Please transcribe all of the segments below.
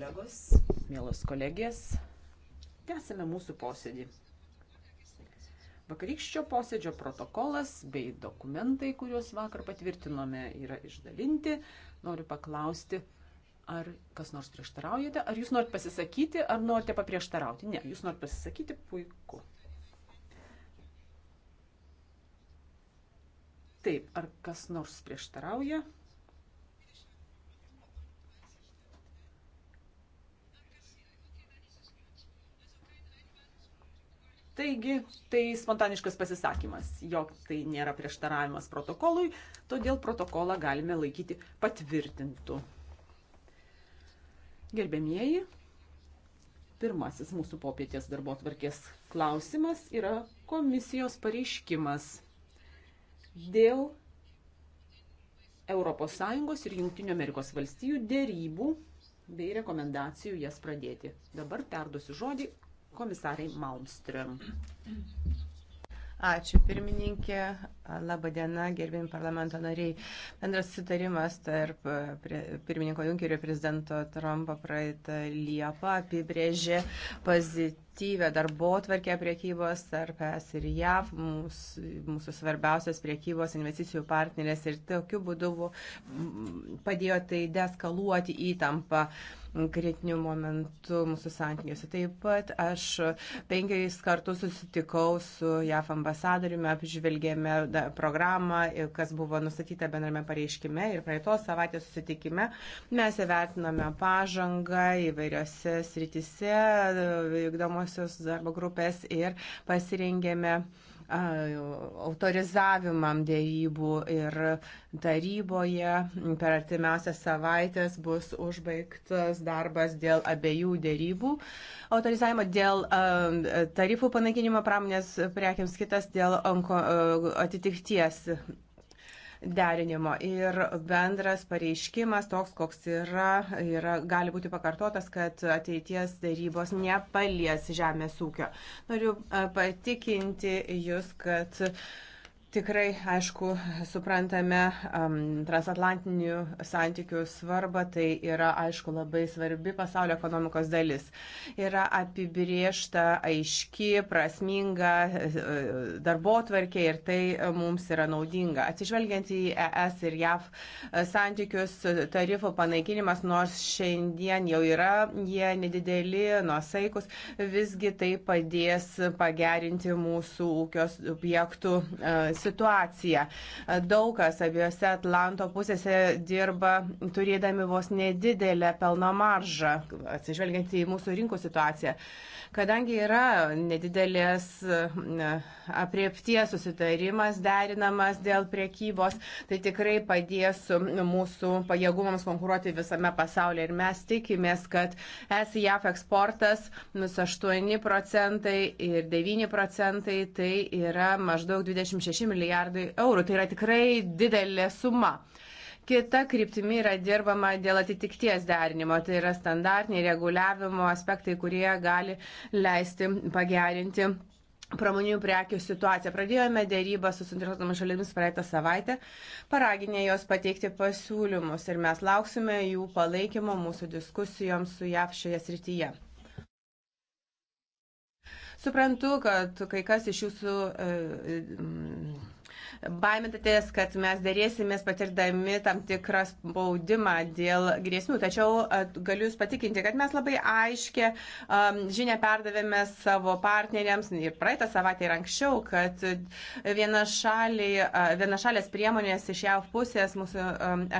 kolegos, mielos kolegės, tęsime mūsų posėdį. Vakarykščio posėdžio protokolas bei dokumentai, kuriuos vakar patvirtinome, yra išdalinti. Noriu paklausti, ar kas nors prieštaraujate, ar jūs norite pasisakyti, ar norite paprieštarauti. Ne, jūs norite pasisakyti, puiku. Taip, ar kas nors prieštarauja? Taigi, tai spontaniškas pasisakymas, jog tai nėra prieštaravimas protokolui, todėl protokolą galime laikyti patvirtintų. Gerbėmieji, pirmasis mūsų popietės darbo tvarkės klausimas yra komisijos pareiškimas dėl ES ir JAV dėrybų bei rekomendacijų jas pradėti. Dabar perduosiu žodį komisarai Malmström. Ačiū pirmininkė, laba diena, gerbėjim parlamento nariai. Bendras sutarimas tarp e, pirmininko Junkerio ir prezidento Trumpo praeitą Liepą apibrėžė pozityvę darbo tvarkę priekybos tarp ES ir JAV, mūsų, mūsų svarbiausios priekybos investicijų partnerės ir tokiu būdu padėjo tai deskaluoti įtampą. Uh, kritiniu momentu mūsų santykiuose. Taip pat aš penkiais kartus susitikau su JAF ambasadoriumi, apžvelgėme programą, kas buvo nustatyta bendrame pareiškime ir praeitos savaitės susitikime. Mes įvertiname pažangą įvairiose sritise, vykdomosios darbo grupės ir pasirengėme autorizavimam dėrybų ir taryboje per artimiausias savaitės bus užbaigtas darbas dėl abiejų dėrybų autorizavimo, dėl tarifų panaikinimo pramonės prekiams, kitas dėl atitikties derinimo. Ir bendras pareiškimas, toks koks yra, yra gali būti pakartotas, kad ateities darybos nepalies žemės ūkio. Noriu e, patikinti Jūs, kad Tikrai, aišku, suprantame um, transatlantinių santykių svarbą, tai yra, aišku, labai svarbi pasaulio ekonomikos dalis. Yra apibriešta, aiški, prasminga e, darbo tvarkė ir tai mums yra naudinga. Atsižvelgiant į ES ir JAV santykius, tarifų panaikinimas, nors šiandien jau yra, jie nedideli, nuosaikus, visgi tai padės pagerinti mūsų ūkios objektų e, situaciją. Daug kas abiejose Atlanto pusėse dirba turėdami vos nedidelę pelno maržą, atsižvelgiant į mūsų rinkų situaciją. Kadangi yra nedidelės apriepties susitarimas derinamas dėl priekybos, tai tikrai padės mūsų pajėgumams konkuruoti visame pasaulyje. Ir mes tikimės, kad SIF eksportas 8 procentai ir 9 procentai tai yra maždaug 26 milijardai eurų. Tai yra tikrai didelė suma. Kita kryptimi yra dirbama dėl atitikties derinimo, tai yra standartiniai reguliavimo aspektai, kurie gali leisti pagerinti pramoninių prekių situaciją. Pradėjome dėrybą su suinteresuotomis šalimis praeitą savaitę, paraginė jos pateikti pasiūlymus ir mes lauksime jų palaikymo mūsų diskusijoms su JAV šioje srityje. Suprantu, kad kai kas iš jūsų e, baimintatės, kad mes dėrėsimės patirdami tam tikrą spaudimą dėl grėsmių. Tačiau galiu Jūs patikinti, kad mes labai aiškę žinę perdavėme savo partneriams ir praeitą savaitę ir anksčiau, kad vienašalės viena priemonės iš JAV pusės mūsų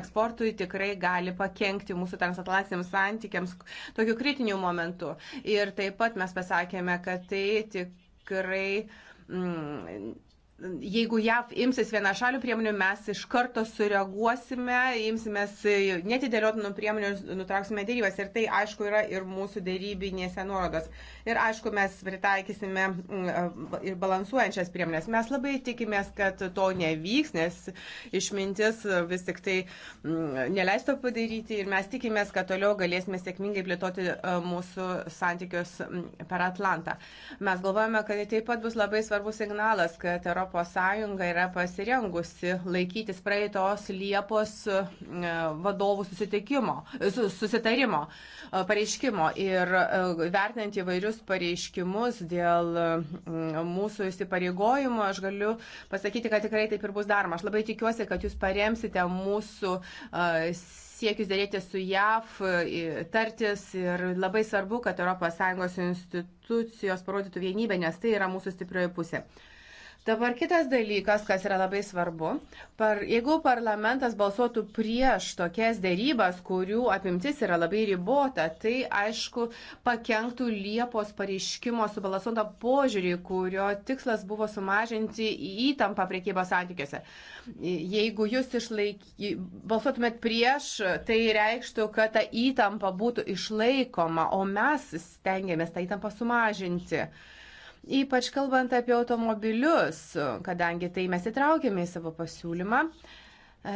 eksportui tikrai gali pakengti mūsų transatlantiniams santykiams tokiu kritiniu momentu. Ir taip pat mes pasakėme, kad tai tikrai. Mm, jeigu JAV imsis vienašalių priemonių, mes iš karto sureaguosime, imsimės e, netidėliotinų priemonių, nutrauksime dėrybas. Ir tai, aišku, yra ir mūsų dėrybinėse nuorodos. Ir, aišku, mes pritaikysime e, ir balansuojančias priemonės. Mes labai tikimės, kad to nevyks, nes išmintis vis tik tai neleisto padaryti. Ir mes tikimės, kad toliau galėsime sėkmingai plėtoti e, mūsų santykius per Atlantą. Mes galvojame, kad tai taip pat bus labai svarbus signalas, kad Europos ES yra pasirengusi laikytis praeitos Liepos e, vadovų susitarimo, e, pareiškimo ir e, vertinant įvairius pareiškimus dėl mūsų įsipareigojimo, aš galiu pasakyti, kad tikrai taip ir bus daroma. Aš labai tikiuosi, kad jūs paremsite mūsų siekius dėrėti su JAV, tartis ir labai svarbu, kad ES institucijos parodytų vienybę, nes tai yra mūsų stiprioji pusė. Dabar kitas dalykas, kas yra labai svarbu, par, jeigu parlamentas balsuotų prieš tokias dėrybas, kurių apimtis yra labai ribota, tai aišku pakenktų Liepos pareiškimo subalansuotą požiūrį, kurio tikslas buvo sumažinti įtampą priekybos santykiuose. Jeigu jūs išlaik... balsuotumėt prieš, tai reikštų, kad ta įtampa būtų išlaikoma, o mes stengiamės tą įtampą sumažinti. Yeah ypač kalbant apie automobilius, kadangi tai mes įtraukėme į savo pasiūlymą.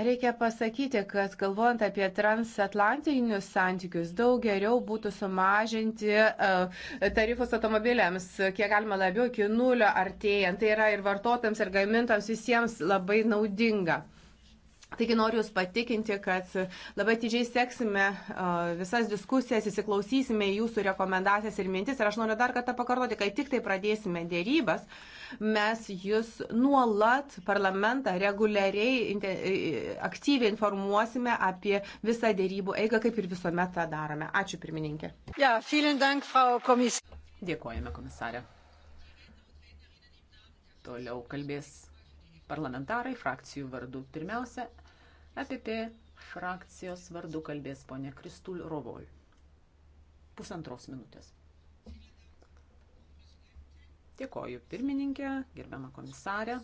Reikia pasakyti, kad galvojant apie transatlantinius santykius, daug geriau būtų sumažinti e, tarifus automobiliams, kiek galima labiau iki nulio artėjant. Tai yra ir vartotojams, ir gamintams visiems labai naudinga. Taigi noriu Jūs patikinti, kad labai atidžiai seksime visas diskusijas, įsiklausysime Jūsų rekomendacijas ir mintis. Ir aš noriu dar kartą pakartoti, kai tik tai pradėsime dėrybas, mes Jūs nuolat parlamentą reguliariai, aktyviai informuosime apie visą dėrybų eigą, kaip ir visuomet tą darome. Ačiū pirmininkė. Ja, dank, komis... Dėkojame komisarė. Toliau kalbės parlamentarai frakcijų vardu. Pirmiausia, EPP frakcijos vardu kalbės ponė Kristul Rovol. Pusantros minutės. Dėkoju pirmininkė, gerbiamą komisarę.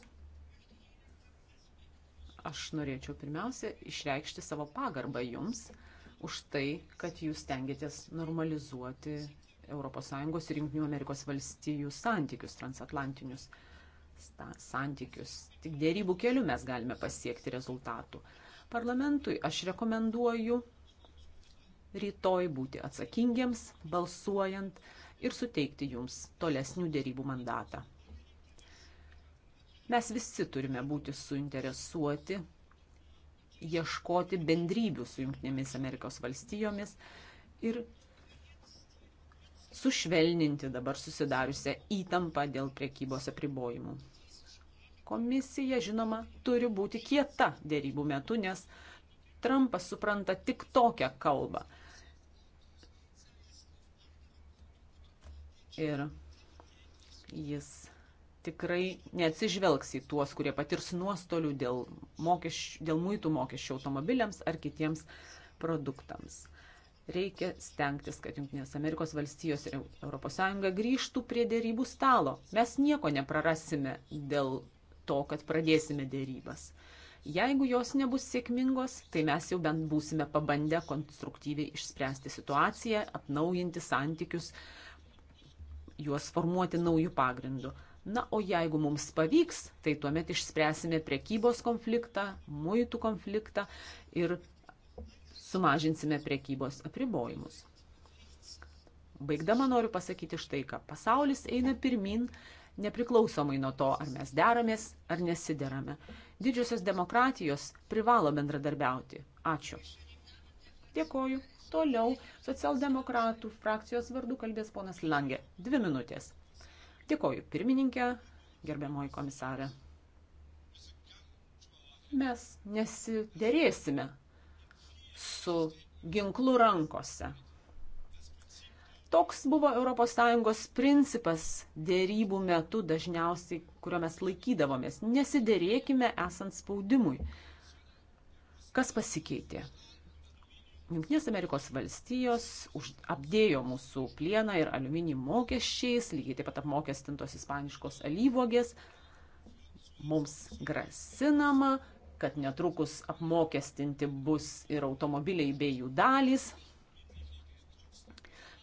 Aš norėčiau pirmiausia išreikšti savo pagarbą jums už tai, kad jūs tengiatės normalizuoti ES ir JAV santykius, transatlantinius santykius. Tik dėrybų keliu mes galime pasiekti rezultatų parlamentui. Aš rekomenduoju rytoj būti atsakingiems, balsuojant ir suteikti jums tolesnių dėrybų mandatą. Mes visi turime būti suinteresuoti ieškoti bendrybių su Junktinėmis Amerikos valstijomis ir sušvelninti dabar susidariusią įtampą dėl priekybos apribojimų. Komisija, žinoma, turi būti kieta dėrybų metu, nes Trumpas supranta tik tokią kalbą. Ir jis tikrai neatsižvelgs į tuos, kurie patirs nuostolių dėl, mokesčių, dėl muitų mokesčių automobiliams ar kitiems produktams. Reikia stengtis, kad Junktinės Amerikos valstijos ir ES grįžtų prie dėrybų stalo. Mes nieko neprarasime dėl to, kad pradėsime dėrybas. Jeigu jos nebus sėkmingos, tai mes jau bent būsime pabandę konstruktyviai išspręsti situaciją, atnaujinti santykius, juos formuoti naujų pagrindų. Na, o jeigu mums pavyks, tai tuomet išspręsime prekybos konfliktą, muitų konfliktą ir sumažinsime prekybos apribojimus. Baigdama noriu pasakyti štai ką. Pasaulis eina pirmin, nepriklausomai nuo to, ar mes deramės ar nesiderame. Didžiosios demokratijos privalo bendradarbiauti. Ačiū. Dėkoju. Toliau socialdemokratų frakcijos vardu kalbės ponas Langė. Dvi minutės. Dėkoju pirmininkė, gerbiamoji komisarė. Mes nesiderėsime su ginklu rankose. Toks buvo ES principas dėrybų metu dažniausiai, kurio mes laikydavomės. Nesidėrėkime esant spaudimui. Kas pasikeitė? Junktinės Amerikos valstijos už, apdėjo mūsų plieną ir aliuminį mokesčiais, lygiai taip pat apmokestintos ispaniškos alyvogės. Mums grasinama, kad netrukus apmokestinti bus ir automobiliai bei jų dalys.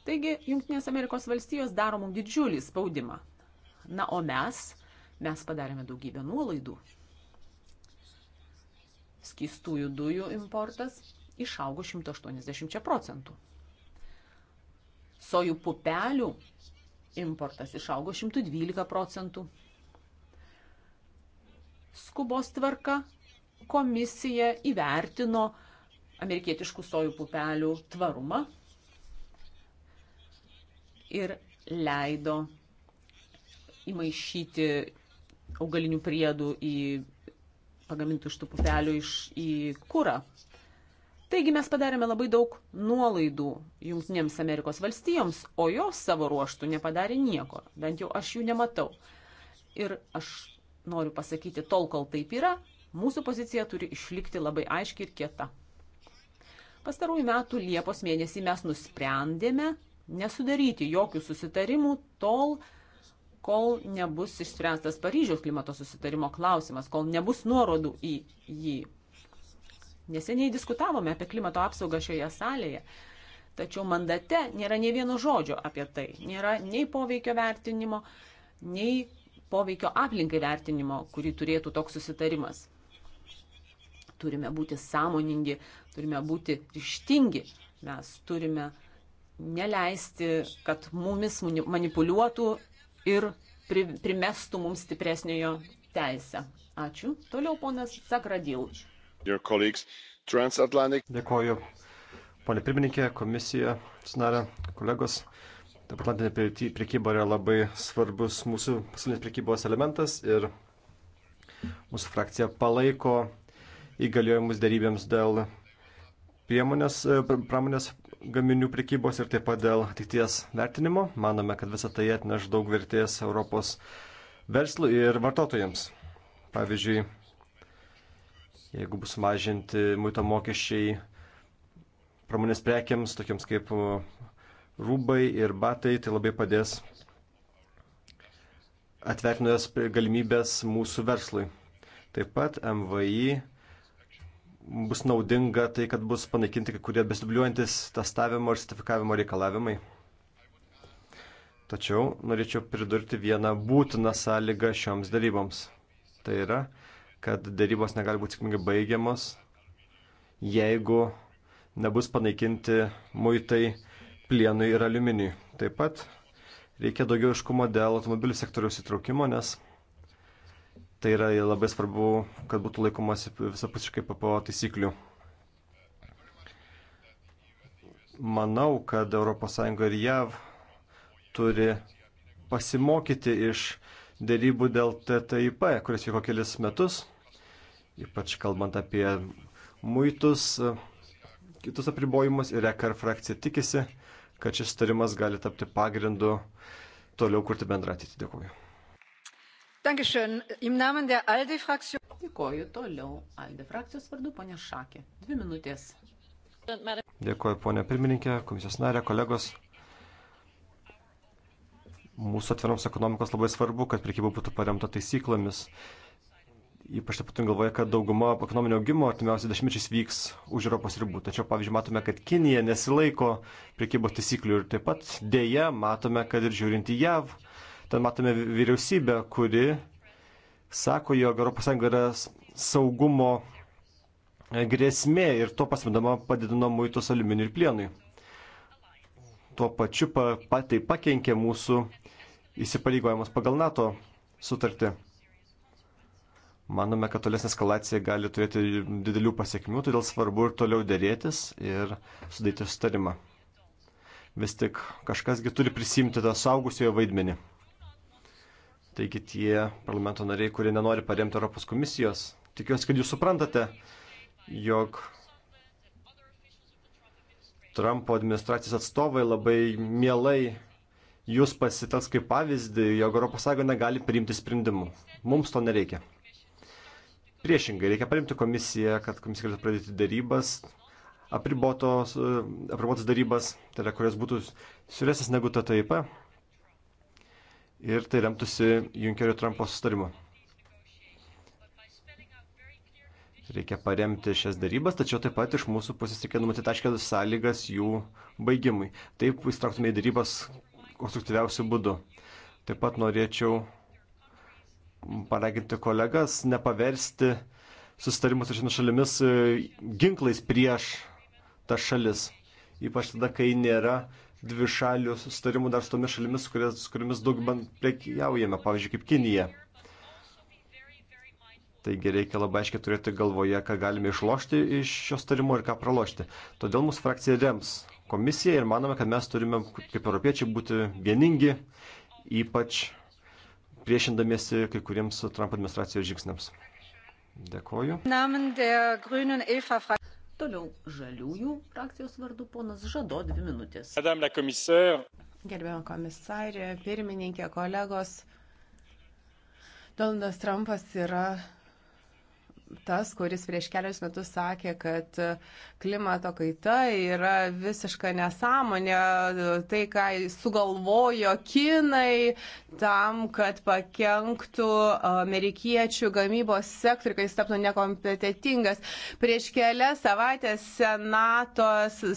Taigi, Junktinės Amerikos valstijos daro mums didžiulį spaudimą. Na, o mes, mes padarėme daugybę nuolaidų. Skistųjų dujų importas išaugo 180 procentų. Sojų pupelių importas išaugo 112 procentų. Skubos tvarka komisija įvertino amerikietiškų sojų pupelių tvarumą ir leido įmaišyti augalinių priedų į pagamintų iš tų pupelių iš, į kūrą. Taigi mes padarėme labai daug nuolaidų Junktinėms Amerikos valstijoms, o jos savo ruoštų nepadarė nieko, bent jau aš jų nematau. Ir aš noriu pasakyti, tol kol taip yra, mūsų pozicija turi išlikti labai aiški ir kieta. Pastarųjų metų Liepos mėnesį mes nusprendėme nesudaryti jokių susitarimų tol, kol nebus išspręstas Paryžiaus klimato susitarimo klausimas, kol nebus nuorodų į jį. Neseniai diskutavome apie klimato apsaugą šioje salėje, tačiau mandate nėra nei vieno žodžio apie tai. Nėra nei poveikio vertinimo, nei poveikio aplinkai vertinimo, kurį turėtų toks susitarimas. Turime būti sąmoningi, turime būti ryštingi, mes turime uh, neleisti, kad mumis manipuliuotų ir primestų mums stipresniojo teisę. Ačiū. Toliau ponas Sagradil. Dėkoju. Pone pirmininkė, komisija, sunarė, kolegos. Atlantinė priekyba yra labai svarbus mūsų pasaulinės priekybos elementas ir mūsų frakcija palaiko įgaliojimus darybėms dėl priemonės, pramonės gaminių prekybos ir taip pat dėl ateities vertinimo. Manome, kad visą tai atneš daug vertės Europos verslui ir vartotojams. Pavyzdžiui, jeigu bus mažinti muito mokesčiai pramonės prekiams, tokiems kaip uh, rūbai ir batai, tai labai padės atvertinės galimybės mūsų verslui. Taip pat MVI bus naudinga tai, kad bus panaikinti kai kurie besidubliuojantis testavimo ir sertifikavimo reikalavimai. Tačiau norėčiau pridurti vieną būtiną sąlygą šioms daryboms. Tai yra, kad darybos negali būti sėkmingai baigiamos, jeigu nebus panaikinti muitai plienui ir aliuminiui. Taip pat reikia daugiau iškumo dėl automobilių sektoriaus įtraukimo, nes Tai yra labai svarbu, kad būtų laikomasi visapusiškai PPO taisyklių. Manau, kad ES ir JAV turi pasimokyti iš dėrybų dėl TTIP, kuris vyko kelis metus, ypač kalbant apie muitus, kitus apribojimus ir EKR frakcija tikisi, kad šis tarimas gali tapti pagrindu toliau kurti bendrą ateitį. Dėkuoju. Dėkoju toliau. Alde frakcijos vardu, ponė Šakė. Dvi minutės. Dėkoju, ponė pirmininkė, komisijos narė, kolegos. Mūsų atviroms ekonomikos labai svarbu, kad prekyba būtų paremta taisyklėmis. Ypač taip pat galvoja, kad dauguma ekonominio augimo artimiausiai dešimtmečiais vyks už Europos ribų. Tačiau, pavyzdžiui, matome, kad Kinija nesilaiko prekybos taisyklių ir taip pat dėja matome, kad ir žiūrint į JAV, Ten matome vyriausybę, kuri sako, jog ES yra saugumo e, grėsmė ir to pasimdama padidino muitus aliuminiui ir plienui. Tuo pačiu pa, pa, tai pakenkė mūsų įsipareigojimus pagal NATO sutartį. Manome, kad tolesnė eskalacija gali turėti didelių pasiekmių, todėl svarbu ir toliau dėrėtis ir sudaryti sustarimą. Vis tik kažkasgi turi prisimti tą saugusiojo vaidmenį. Taigi tie parlamento nariai, kurie nenori paremti Europos komisijos, tikiuosi, kad jūs suprantate, jog Trumpo administracijos atstovai labai mielai jūs pasitels kaip pavyzdį, jog ES negali priimti sprendimų. Mums to nereikia. Priešingai, reikia parimti komisiją, kad komisija galėtų pradėti darybas, apribotos, e, apribotos darybas, tai yra, kurios būtų siūlesnės negu TTIP. Ta ir tai remtųsi Junkerio Trumpo sustarimu. Reikia paremti šias darybas, tačiau taip pat iš mūsų pusės reikia numatyti aiškias sąlygas jų baigimui. Taip įstrauktume į darybas konstruktyviausių būdų. Taip pat norėčiau paraginti kolegas nepaversti sustarimus su šiomis šalimis e, ginklais prieš tas šalis. Ypač tada, kai nėra dvi šalių sustarimų dar su tomis šalimis, su kuriamis, su kuriamis daug prekiaujame, pavyzdžiui, kaip Kinija. Taigi reikia labai aiškiai turėti galvoje, ką galime išlošti iš šios tarimo ir ką pralošti. Todėl mūsų frakcija rems komisiją ir manome, kad mes turime kaip europiečiai būti vieningi, ypač priešindamiesi kai kuriems Trump administracijos žingsniams. Dėkoju. Toliau žaliųjų frakcijos vardu ponas Žado, dvi minutės. Gerbiamo komisarė, pirmininkė, kolegos. Donaldas Trumpas yra tas, kuris prieš kelius metus sakė, kad klimato kaita yra visiška nesąmonė, tai, ką sugalvojo kinai tam, kad pakenktų amerikiečių gamybos sektoriui, kad jis taptų nekompetitingas. Prieš kelias savaitės senato,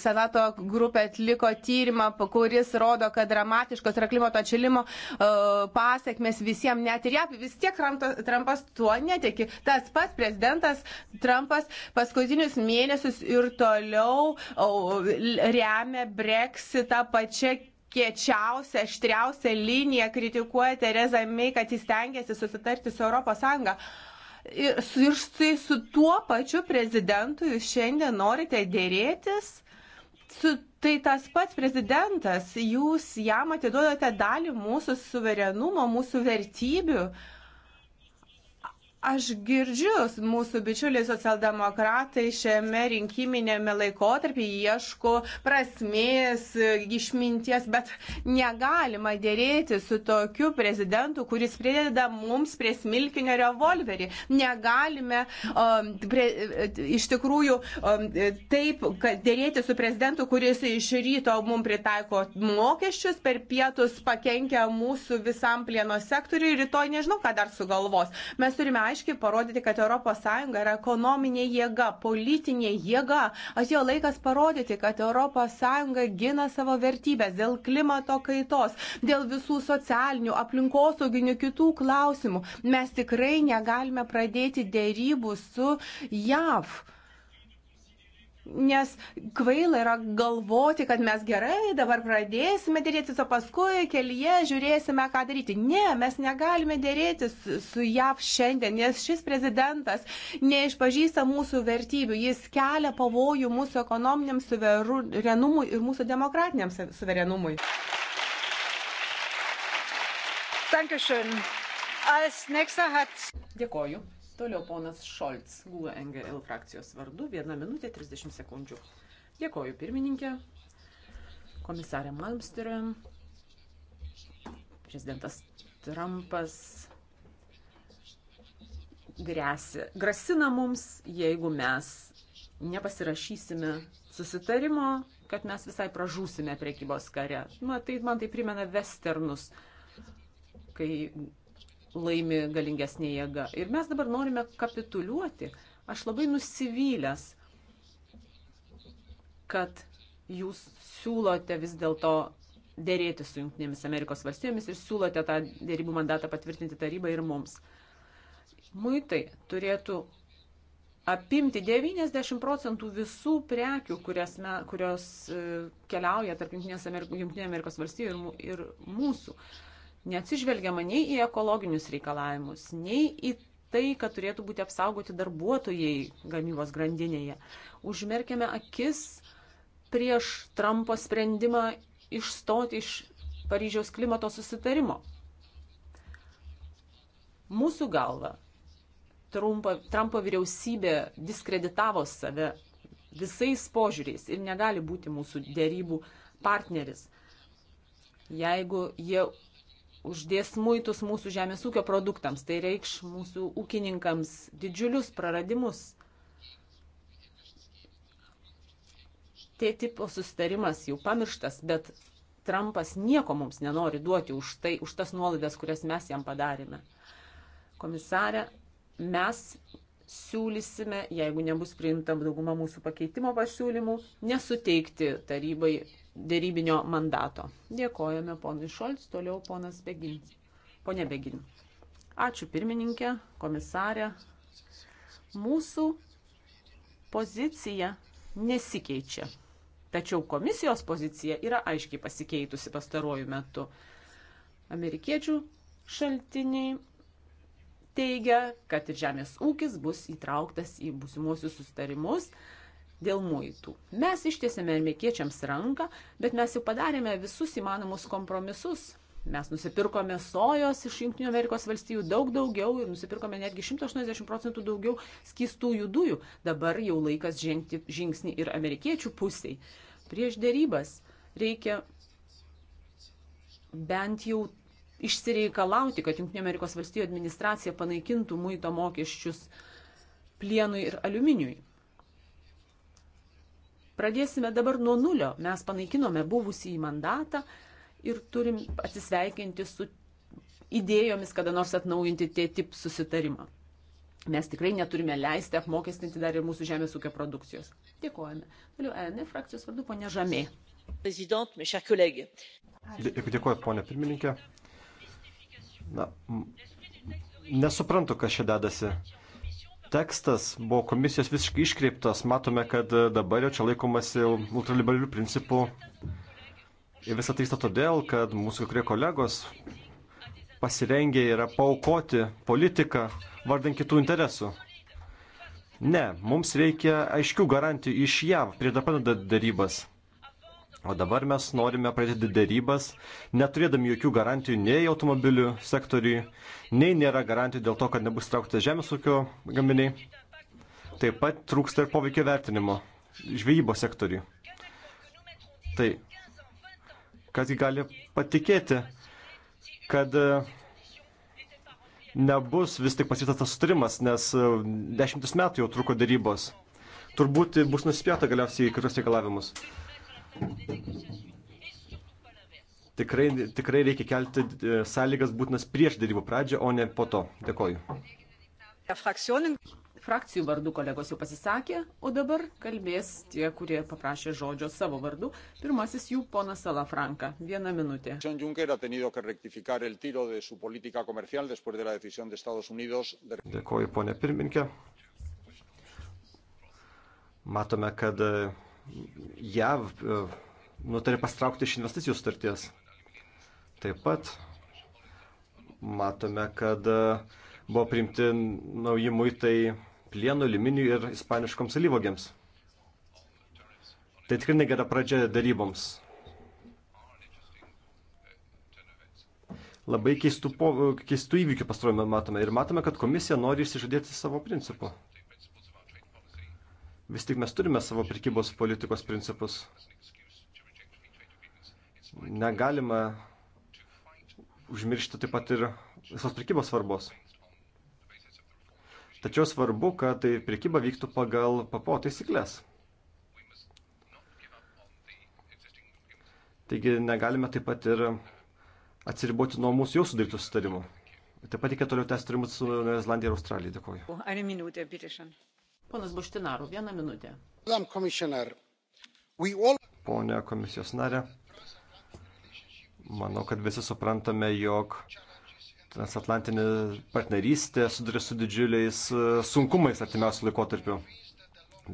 senato grupė atliko tyrimą, kuris rodo, kad dramatiškos yra klimato atšilimo e, pasiekmes visiems, net ir jav, vis tiek Trumpas tuo netiki. Tas pats prezidentas prezidentas Trumpas paskutinius mėnesius ir toliau remia Brexitą pačia kiečiausia, aštriausia linija, kritikuoja Terezą May, kad jis tengiasi susitarti su ES. Ir, ir su, su tuo pačiu prezidentu jūs šiandien norite dėrėtis? Su Tai tas pats prezidentas, jūs jam atiduodate dalį mūsų suverenumo, mūsų vertybių. Uh, Aš girdžiu mūsų bičiuliai socialdemokratai šiame rinkiminėme laikotarpį ieško prasmės, išminties, bet negalima dėrėti su tokiu prezidentu, kuris prideda mums prie smilkinio revolverį. Negalime um, pre, iš tikrųjų um, taip dėrėti su prezidentu, kuris iš ryto mums pritaiko mokesčius, per pietus pakenkia mūsų visam plieno sektoriui ir rytoj nežinau, ką dar sugalvos. Mes turime aiškiai parodyti, kad ES yra ekonominė jėga, politinė jėga. Atėjo laikas parodyti, kad ES gina savo vertybės dėl klimato kaitos, dėl visų socialinių, aplinkosauginių kitų klausimų. Mes tikrai negalime pradėti dėrybų su JAV. Nes kvaila yra galvoti, kad mes gerai dabar pradėsime dėrėtis, o paskui kelyje žiūrėsime, ką daryti. Ne, mes negalime dėrėtis su JAV šiandien, nes šis prezidentas neišpažįsta mūsų vertybių. Jis kelia pavojų mūsų ekonominiam suverenumui ir mūsų demokratiniam suverenumui. Dankeschön. Als nächster hat. Dėkoju. Toliau ponas Šolts, Gula e NGL frakcijos vardu, 1 minutė 30 sekundžių. Dėkoju pirmininkė, komisarė Malmstrė, prezidentas Trumpas grėsia, grasina mums, jeigu mes nepasirašysime susitarimo, kad mes visai pražūsime priekybos kare. Na, tai man tai primena westernus, kai laimi galingesnė jėga. Ir mes dabar norime kapituliuoti. Aš labai nusivylęs, kad jūs siūlote vis dėlto dėrėti su Junktinėmis Amerikos valstybėmis ir siūlote tą dėrybų mandatą patvirtinti tarybai ir mums. Muitai turėtų apimti 90 procentų visų prekių, kurias me, kurios e, keliauja tarp Junktinės Amerikos, Junktinė Amerikos valstybių ir, ir mūsų. Uh, neatsižvelgiama nei į ekologinius reikalavimus, nei į tai, kad turėtų būti apsaugoti darbuotojai gamybos grandinėje. Užmerkėme akis prieš Trumpo sprendimą išstoti iš Paryžiaus klimato susitarimo. Mūsų galva, Trumpo, Trumpo vyriausybė diskreditavo save visais požiūriais ir negali būti mūsų dėrybų partneris. Jeigu jie uždės muitus mūsų žemės ūkio produktams, tai reikš mūsų ūkininkams didžiulius praradimus. Tie tipo susitarimas jau pamirštas, bet Trumpas nieko mums nenori duoti už, tai, už tas nuolaidas, kurias mes jam padarėme. Komisarė, mes siūlysime, jeigu nebus priimta dauguma mūsų pakeitimo pasiūlymų, nesuteikti tarybai dėrybinio mandato. Dėkojame ponui Šolts, toliau ponas Begin. Pone Begin. Ačiū pirmininkė, komisarė. Mūsų pozicija nesikeičia. Tačiau komisijos pozicija yra aiškiai pasikeitusi pastaruoju metu. Amerikiečių šaltiniai teigia, kad ir žemės ūkis bus įtrauktas į būsimuosius sustarimus, dėl muitų. Mes ištiesėme amerikiečiams ranką, bet mes jau padarėme visus įmanomus kompromisus. Mes nusipirkome sojos iš Junktinių Amerikos valstijų daug daugiau ir nusipirkome netgi 180 procentų daugiau skistųjų dujų. Dabar jau laikas žengti žingsnį ir amerikiečių pusiai. Prieš dėrybas reikia bent jau išsireikalauti, kad Junktinių Amerikos valstijų administracija panaikintų muito mokesčius plienui ir aliuminiui. Pradėsime dabar nuo nulio. Mes panaikinome buvusį į mandatą ir turim atsisveikinti su idėjomis kada nors atnaujinti TTIP susitarimą. Mes tikrai neturime leisti apmokestinti dar ir mūsų žemės ūkio produkcijos. Dėkojame. Toliau ENF frakcijos vardu ponė Žamė. Dėkuoju, ponė pirmininkė. Na, nesuprantu, kas čia dedasi tekstas buvo komisijos visiškai iškreiptas. Matome, kad dabar jau čia laikomasi ultraliberalių principų. Ir visą tai todėl, kad mūsų kai kurie kolegos pasirengę yra paukoti politiką vardant kitų interesų. Ne, mums reikia aiškių garantijų iš JAV prieš dar pradedant darybas. O dabar mes norime pradėti dėrybas, neturėdami jokių garantijų nei automobilių sektoriui, nei nėra garantijų dėl to, kad nebus traukta žemės ūkio gaminiai. Taip pat trūksta ir poveikio vertinimo žvejybos sektoriui. Tai kasgi gali patikėti, kad e, nebus vis tik pasitas tas sutarimas, nes e, dešimtis metų jau truko darybos. Turbūt bus nuspėta galiausiai į kitus reikalavimus. Tikrai, tikrai reikia kelti e, sąlygas būtinas prieš darybų pradžią, o ne po to. Dėkoju. Frakcijų vardų kolegos jau pasisakė, o dabar kalbės tie, kurie paprašė žodžio savo vardu. Pirmasis jų ponas Salafranka. Vieną minutę. Dėkoju, ponė pirmininkė. Matome, kad e, JAV e, nutarė pastraukti iš investicijų sutarties. Taip pat matome, kad e, buvo priimti nauji muitai plieno, aliuminiui ir ispaniškoms alyvogiams. Tai tikrai negera pradžia daryboms. Labai keistų, po, keistų įvykių pastarojame matome ir matome, kad komisija nori išsižadėti savo principų. Vis tik mes turime savo prekybos politikos principus. Negalima užmiršti taip pat ir visos prekybos svarbos. Tačiau svarbu, kad tai prekyba vyktų pagal papo taisyklės. Taigi negalime taip pat ir atsiriboti nuo mūsų jau sudarytų sustarimų. Taip pat reikia toliau tęsti turimus su Zelandija ir Australija. Dėkuoju. Ponas Buštinaru, vieną minutę. Pone komisijos narė, manau, kad visi suprantame, jog transatlantinė partnerystė suduria su didžiuliais e, sunkumais artimiausių laikotarpių.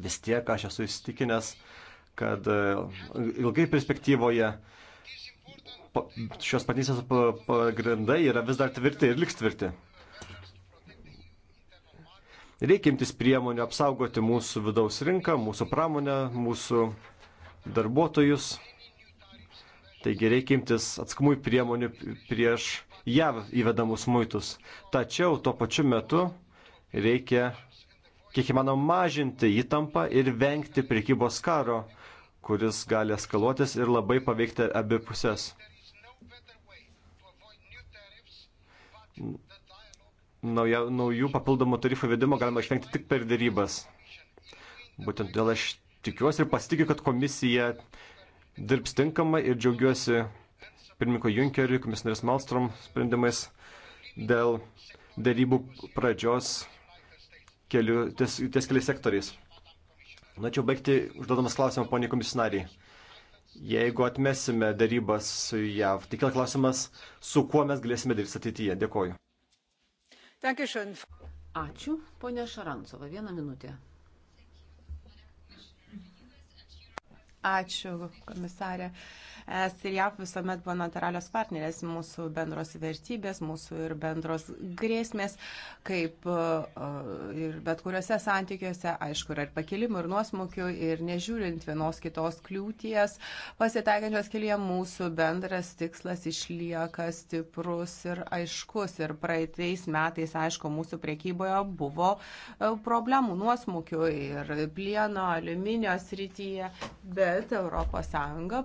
Vis tiek aš esu įsitikinęs, kad e, ilgai perspektyvoje šios partnerystės pagrindai yra vis dar tvirti ir liks tvirti. Reikia imtis priemonių apsaugoti mūsų vidaus rinką, mūsų pramonę, mūsų darbuotojus. Taigi reikia imtis atskumui priemonių prieš JAV įvedamus muitus. Tačiau tuo pačiu metu reikia kiek įmanoma mažinti įtampą ir vengti prekybos karo, kuris gali eskaluotis ir labai paveikti abi pusės nauja, naujų papildomų tarifų vedimo galima išvengti tik per dėrybas. Būtent dėl aš tikiuosi ir pasitikiu, kad komisija dirbs tinkamai ir džiaugiuosi pirmininko Junkeriu, komisarės Malstrom sprendimais dėl dėrybų pradžios kelių, ties, ties keliais sektoriais. Norėčiau baigti užduodamas klausimą poniai komisinariai. Jeigu atmesime darybas su JAV, tai kila klausimas, su kuo mes galėsime dirbti ateityje. Dėkoju. Ačiū, ponė Šarantsova. Vieną minutę. Ačiū, komisarė. Es ir JAV visuomet buvo natūralios partnerės, mūsų bendros vertybės, mūsų ir bendros grėsmės, kaip e, e, ir bet kuriuose santykiuose, aišku, yra ir pakilimų, ir nuosmukių, ir nežiūrint vienos kitos kliūties, pasitaikančios kelyje mūsų bendras tikslas išlieka stiprus ir aiškus. Ir praeitais metais, aišku, mūsų priekyboje buvo e, problemų, nuosmukių ir plieno, aliuminio srityje, bet ES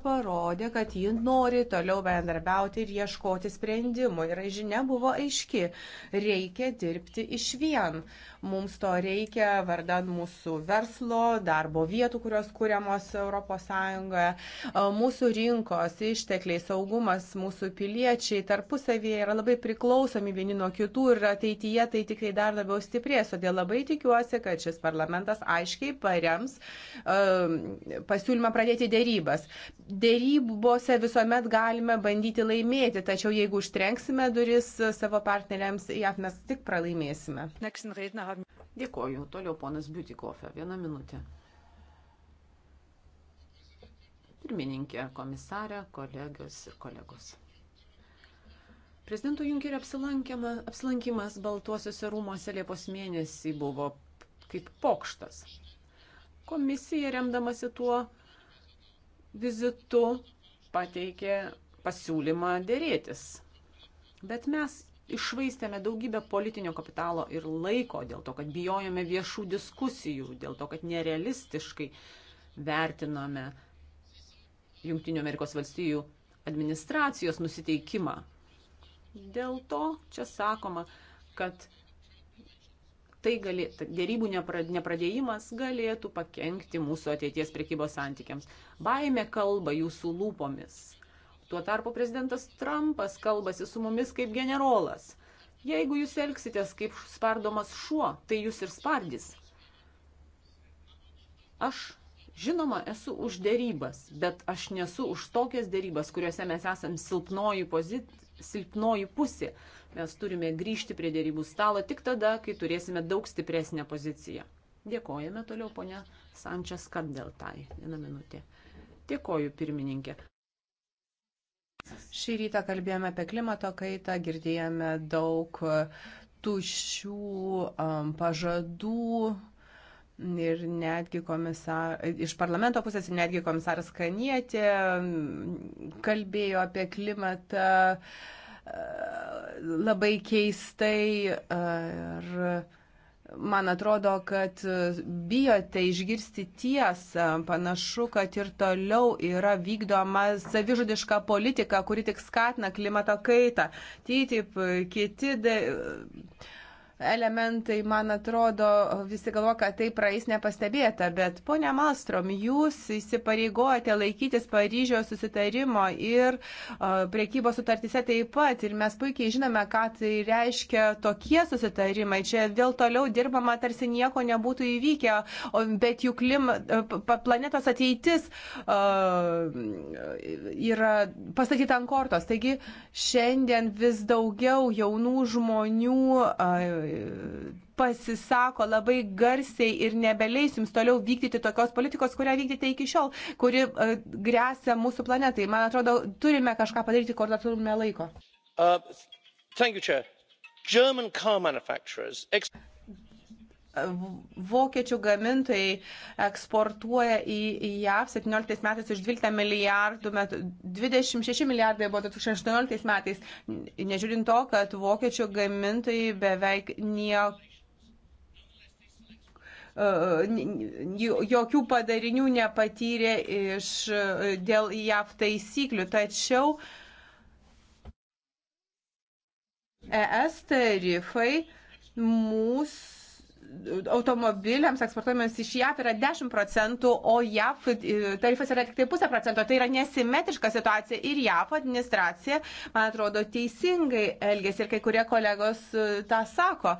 parodė, kad ji nori toliau bendarbiauti ir ieškoti sprendimų. Ir žinia buvo aiški, reikia dirbti iš vien. Mums to reikia vardan mūsų verslo, darbo vietų, kurios kūriamos ES, mūsų rinkos, ištekliai, saugumas, mūsų piliečiai tarpusavėje yra labai priklausomi vieni nuo kitų ir ateityje tai tikrai dar labiau stiprės. Todėl labai tikiuosi, kad šis parlamentas aiškiai parems uh, pasiūlymą pradėti dėrybas. Dėrybų darybose visuomet galime bandyti laimėti, tačiau jeigu užtrenksime duris savo partneriams, jav mes tik pralaimėsime. Dėkoju. Toliau ponas Biutikofė. Vieną minutę. Pirmininkė, komisarė, kolegos ir kolegos. Prezidento Junkerio apsilankimas Baltuosiuose rūmose Liepos mėnesį buvo kaip pokštas. Komisija remdamasi tuo vizitu pateikė pasiūlymą dėrėtis. Bet mes išvaistėme daugybę politinio kapitalo ir laiko dėl to, kad bijojome viešų diskusijų, dėl to, kad nerealistiškai vertinome Junktinių Amerikos valstijų administracijos nusiteikimą. Dėl to čia sakoma, kad tai gali, dėrybų nepradėjimas galėtų pakengti mūsų ateities prekybos santykiams. Baime kalba jūsų lūpomis. Tuo tarpu prezidentas Trumpas kalbasi su mumis kaip generolas. Jeigu jūs elgsitės kaip spardomas šuo, tai jūs ir spardys. Aš Žinoma, esu už dėrybas, bet aš nesu už tokias dėrybas, kuriuose mes esam silpnoji pozicija silpnoji pusė. Mes turime grįžti prie dėrybų stalo tik tada, kai turėsime daug stipresnę poziciją. Dėkojame toliau, ponia Sančias Kandeltai. Vieną minutę. Dėkoju, pirmininkė. Šį rytą kalbėjome apie klimato kaitą, girdėjome daug tuščių um, pažadų, ir netgi komisar, iš parlamento pusės, ir netgi komisaras Kanietė kalbėjo apie klimatą e, labai keistai e, ir man atrodo, kad bijote išgirsti tiesą. Panašu, kad ir toliau yra vykdoma savižudiška politika, kuri tik skatina klimato kaitą. TTIP, kiti. De, elementai, man atrodo, visi galvo, kad tai praeis nepastebėta, bet ponia Malstrom, jūs įsipareigojate laikytis Paryžiaus susitarimo ir priekybos sutartise taip pat ir mes puikiai žinome, ką tai reiškia tokie susitarimai. Čia vėl toliau dirbama, tarsi nieko nebūtų įvykę, bet juk klim, planetos ateitis yra pasakyta ant kortos. Taigi šiandien vis daugiau jaunų žmonių pasisako labai garsiai ir nebeleis jums toliau vykdyti tokios politikos, kurią vykdyti iki šiol, kuri uh, e, grėsia mūsų planetai. Man atrodo, turime kažką padaryti, kol dar turime laiko. Uh, you, German car manufacturers vokiečių gamintojai eksportuoja į, į JAV 17 metais už 12 milijardų, metų, 26 milijardai buvo 2018 metais, nežiūrint to, kad vokiečių gamintojai beveik nieko e, e, jokių padarinių nepatyrė iš, e, dėl JAV taisyklių. Tačiau ES tarifai mūsų automobiliams eksportuojamiems iš JAF yra 10 procentų, o JAF e, tarifas yra tik tai pusę procento. Tai yra nesimetriška situacija ir JAF administracija, man atrodo, teisingai elgesi ir kai kurie kolegos e, tą sako.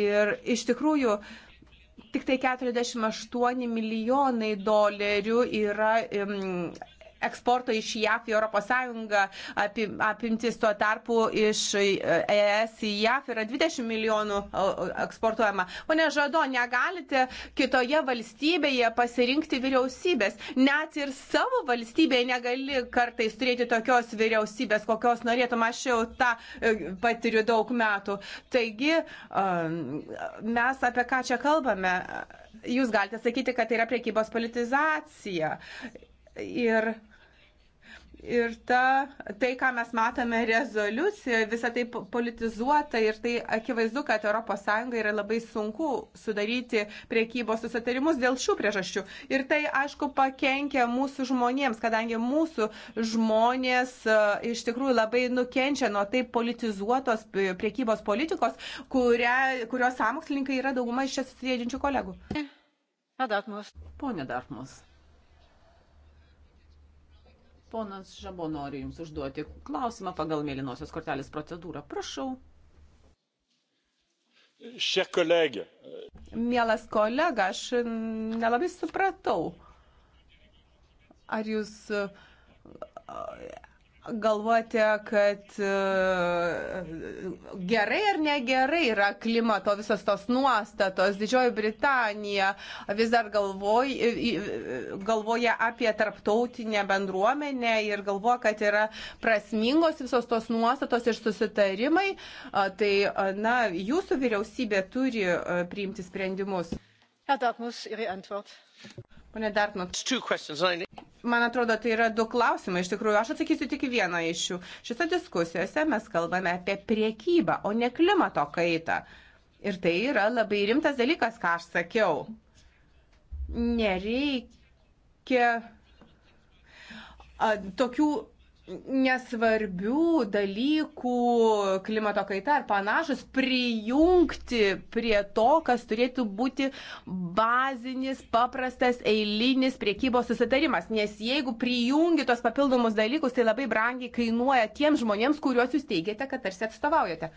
Ir iš tikrųjų, tik tai 48 milijonai dolerių yra. Um, eksporto iš JAF į ES apimtis tuo tarpu iš ES e į JAF yra 20 milijonų eksportuojama. Pone Žado, negalite kitoje valstybėje pasirinkti vyriausybės. Net ir savo valstybėje negali kartais turėti tokios vyriausybės, kokios norėtum. Aš jau tą e, patiriu daug metų. Taigi, um, mes apie ką čia kalbame? Jūs galite sakyti, kad tai yra priekybos politizacija. Ir Ir ta, tai, ką mes matome rezoliucijoje, visa tai politizuota ir tai akivaizdu, kad ES yra labai sunku sudaryti priekybos susitarimus dėl šių priežasčių. Ir tai, aišku, pakenkia mūsų žmonėms, kadangi mūsų žmonės e, iš tikrųjų labai nukenčia nuo taip politizuotos priekybos politikos, kuria, kurios samokslininkai yra dauguma iš čia susidėdžiančių kolegų. Pone Dartmus. Ponas Žabo nori Jums užduoti klausimą pagal mėlynosios kortelės procedūrą. Prašau. Mielas kolega, aš nelabai supratau. Ar jūs galvojate, kad e, gerai ar negerai yra klimato visos tos nuostatos. Didžioji Britanija vis dar galvoj, e, e, galvoja apie tarptautinę bendruomenę ir galvoja, kad yra prasmingos visos tos nuostatos ir susitarimai. Tai, na, jūsų vyriausybė turi priimti sprendimus. Herr Dartmus, Ihre Antwort. Pone Dartnot. Man atrodo, tai yra du klausimai. Iš tikrųjų, aš atsakysiu tik vieną iš jų. Šiuose diskusijose mes kalbame apie priekybą, o ne klimato kaitą. Ir tai yra labai rimtas dalykas, ką aš sakiau. Nereikia a, tokių nesvarbių dalykų, klimato kaita ar panašus, prijungti prie to, kas turėtų būti bazinis, paprastas, eilinis priekybos susitarimas. Nes jeigu prijungi tos papildomus dalykus, tai labai brangiai kainuoja tiems žmonėms, kuriuos jūs teigiate, kad tarsi atstovaujate.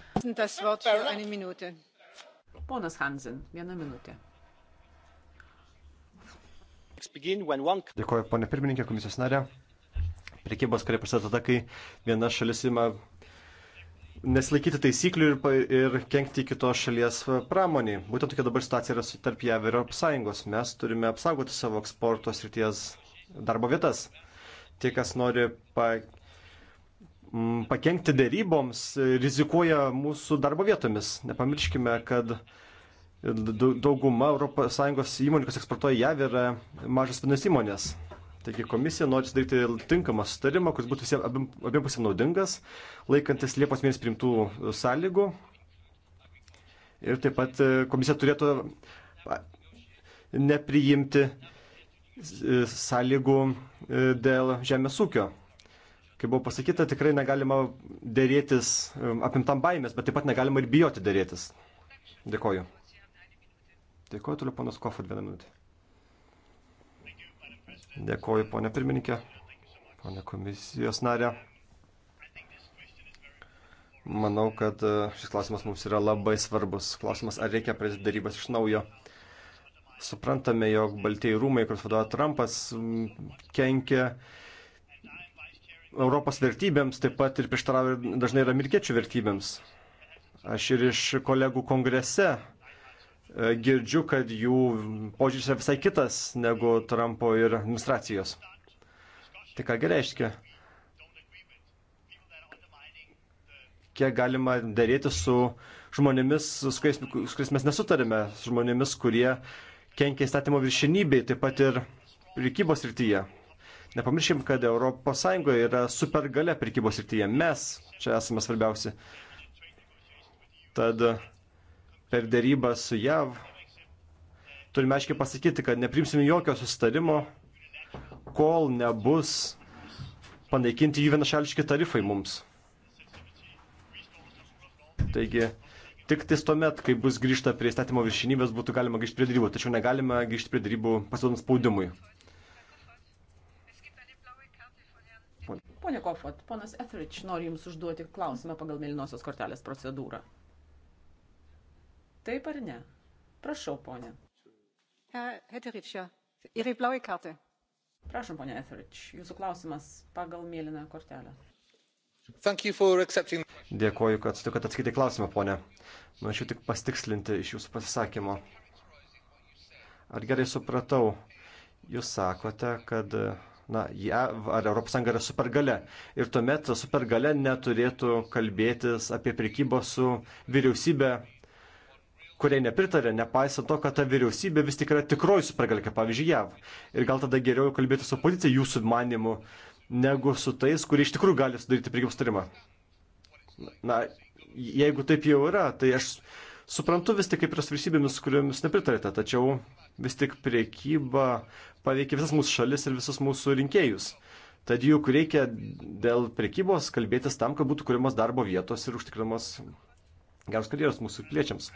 Ponas Hansen, vieną minutę. Dėkuoju, ponė pirmininkė, komisijos narė. Prekybos karai prasideda tada, kai viena šalis ima nesilaikyti taisyklių ir, ir kenkti kitos šalies pramoniai. Būtent tokia dabar situacija yra tarp JAV ir Europos Sąjungos. Mes turime apsaugoti savo eksporto srities darbo vietas. Tie, kas nori pa, m, pakengti dėryboms, rizikuoja mūsų darbo vietomis. Nepamirškime, kad dauguma ES įmonių, kas eksportuoja JAV, yra mažos vidinės įmonės. Taigi komisija nori sudaryti tinkamą sutarimą, kuris būtų visiems abiem, abiem pusėm naudingas, laikantis Liepos mėnesį primtų sąlygų. Ir taip pat e, komisija turėtų nepriimti e, sąlygų e, dėl žemės ūkio. Kaip buvo pasakyta, tikrai negalima dėrėtis apimtam baimės, bet taip pat negalima ir bijoti dėrėtis. Dėkoju. Dėkoju, toliau ponas Kofut vieną minutę. Dėkoju, ponė pirmininkė, ponė komisijos narė. Manau, kad e, šis klausimas mums yra labai svarbus. Klausimas, ar reikia pradėti darybas iš naujo. Suprantame, jog Baltieji rūmai, kuriuos vadovauja Trumpas, kenkia Europos vertybėms, taip pat ir prieštarauja dažnai ir amerikiečių vertybėms. Aš ir iš kolegų kongrese E, girdžiu, kad jų požiūris yra visai kitas negu Trumpo ir administracijos. Tai kągi reiškia? Kiek galima dėrėti su žmonėmis, su kuriais, su kuriais mes nesutarime, su žmonėmis, kurie kenkia įstatymo viršinybei, taip pat ir prekybos rytyje. Nepamirškim, kad ES yra supergalia prekybos rytyje. Mes čia esame svarbiausi. Tad per dėrybą su JAV turime aiškiai pasakyti, kad neprimsime jokio sustarimo, kol nebus panaikinti jų vienašališki tarifai mums. Taigi, tik tais tuomet, kai bus grįžta prie statymo viršinybės, būtų galima grįžti prie darybų, tačiau negalime grįžti prie darybų pasiduodant spaudimui. Pone Kofot, ponas Etheridge nori Jums užduoti klausimą pagal mėlynosios kortelės procedūrą. Taip ar ne? Prašau, ponė. Prašom, ponė Etheridge, jūsų klausimas pagal mėlyną kortelę. Accepting... Dėkoju, kad sutikote atsakyti klausimą, ponė. Norėčiau tik pastikslinti iš jūsų pasisakymo. Ar gerai supratau, jūs sakote, kad na, JAV ar ES yra supergale. Ir tuomet supergale neturėtų kalbėtis apie prekybą su vyriausybė kuriai nepritarė, nepaisant to, kad ta vyriausybė vis tik yra tikroji supragalkė, pavyzdžiui, JAV. Ir gal tada geriau kalbėti su policija jūsų manimu, negu su tais, kurie iš tikrųjų gali sudaryti prekybos tarimą. Na, jeigu taip jau yra, tai aš suprantu vis tik kaip ir su vyriausybėmis, kuriomis nepritarėte, tačiau vis tik priekyba paveikia visas mūsų šalis ir visus mūsų rinkėjus. Tad juk reikia dėl prekybos kalbėtis tam, kad būtų kuriamas darbo vietos ir užtikrinamas geros karjeros mūsų piliečiams.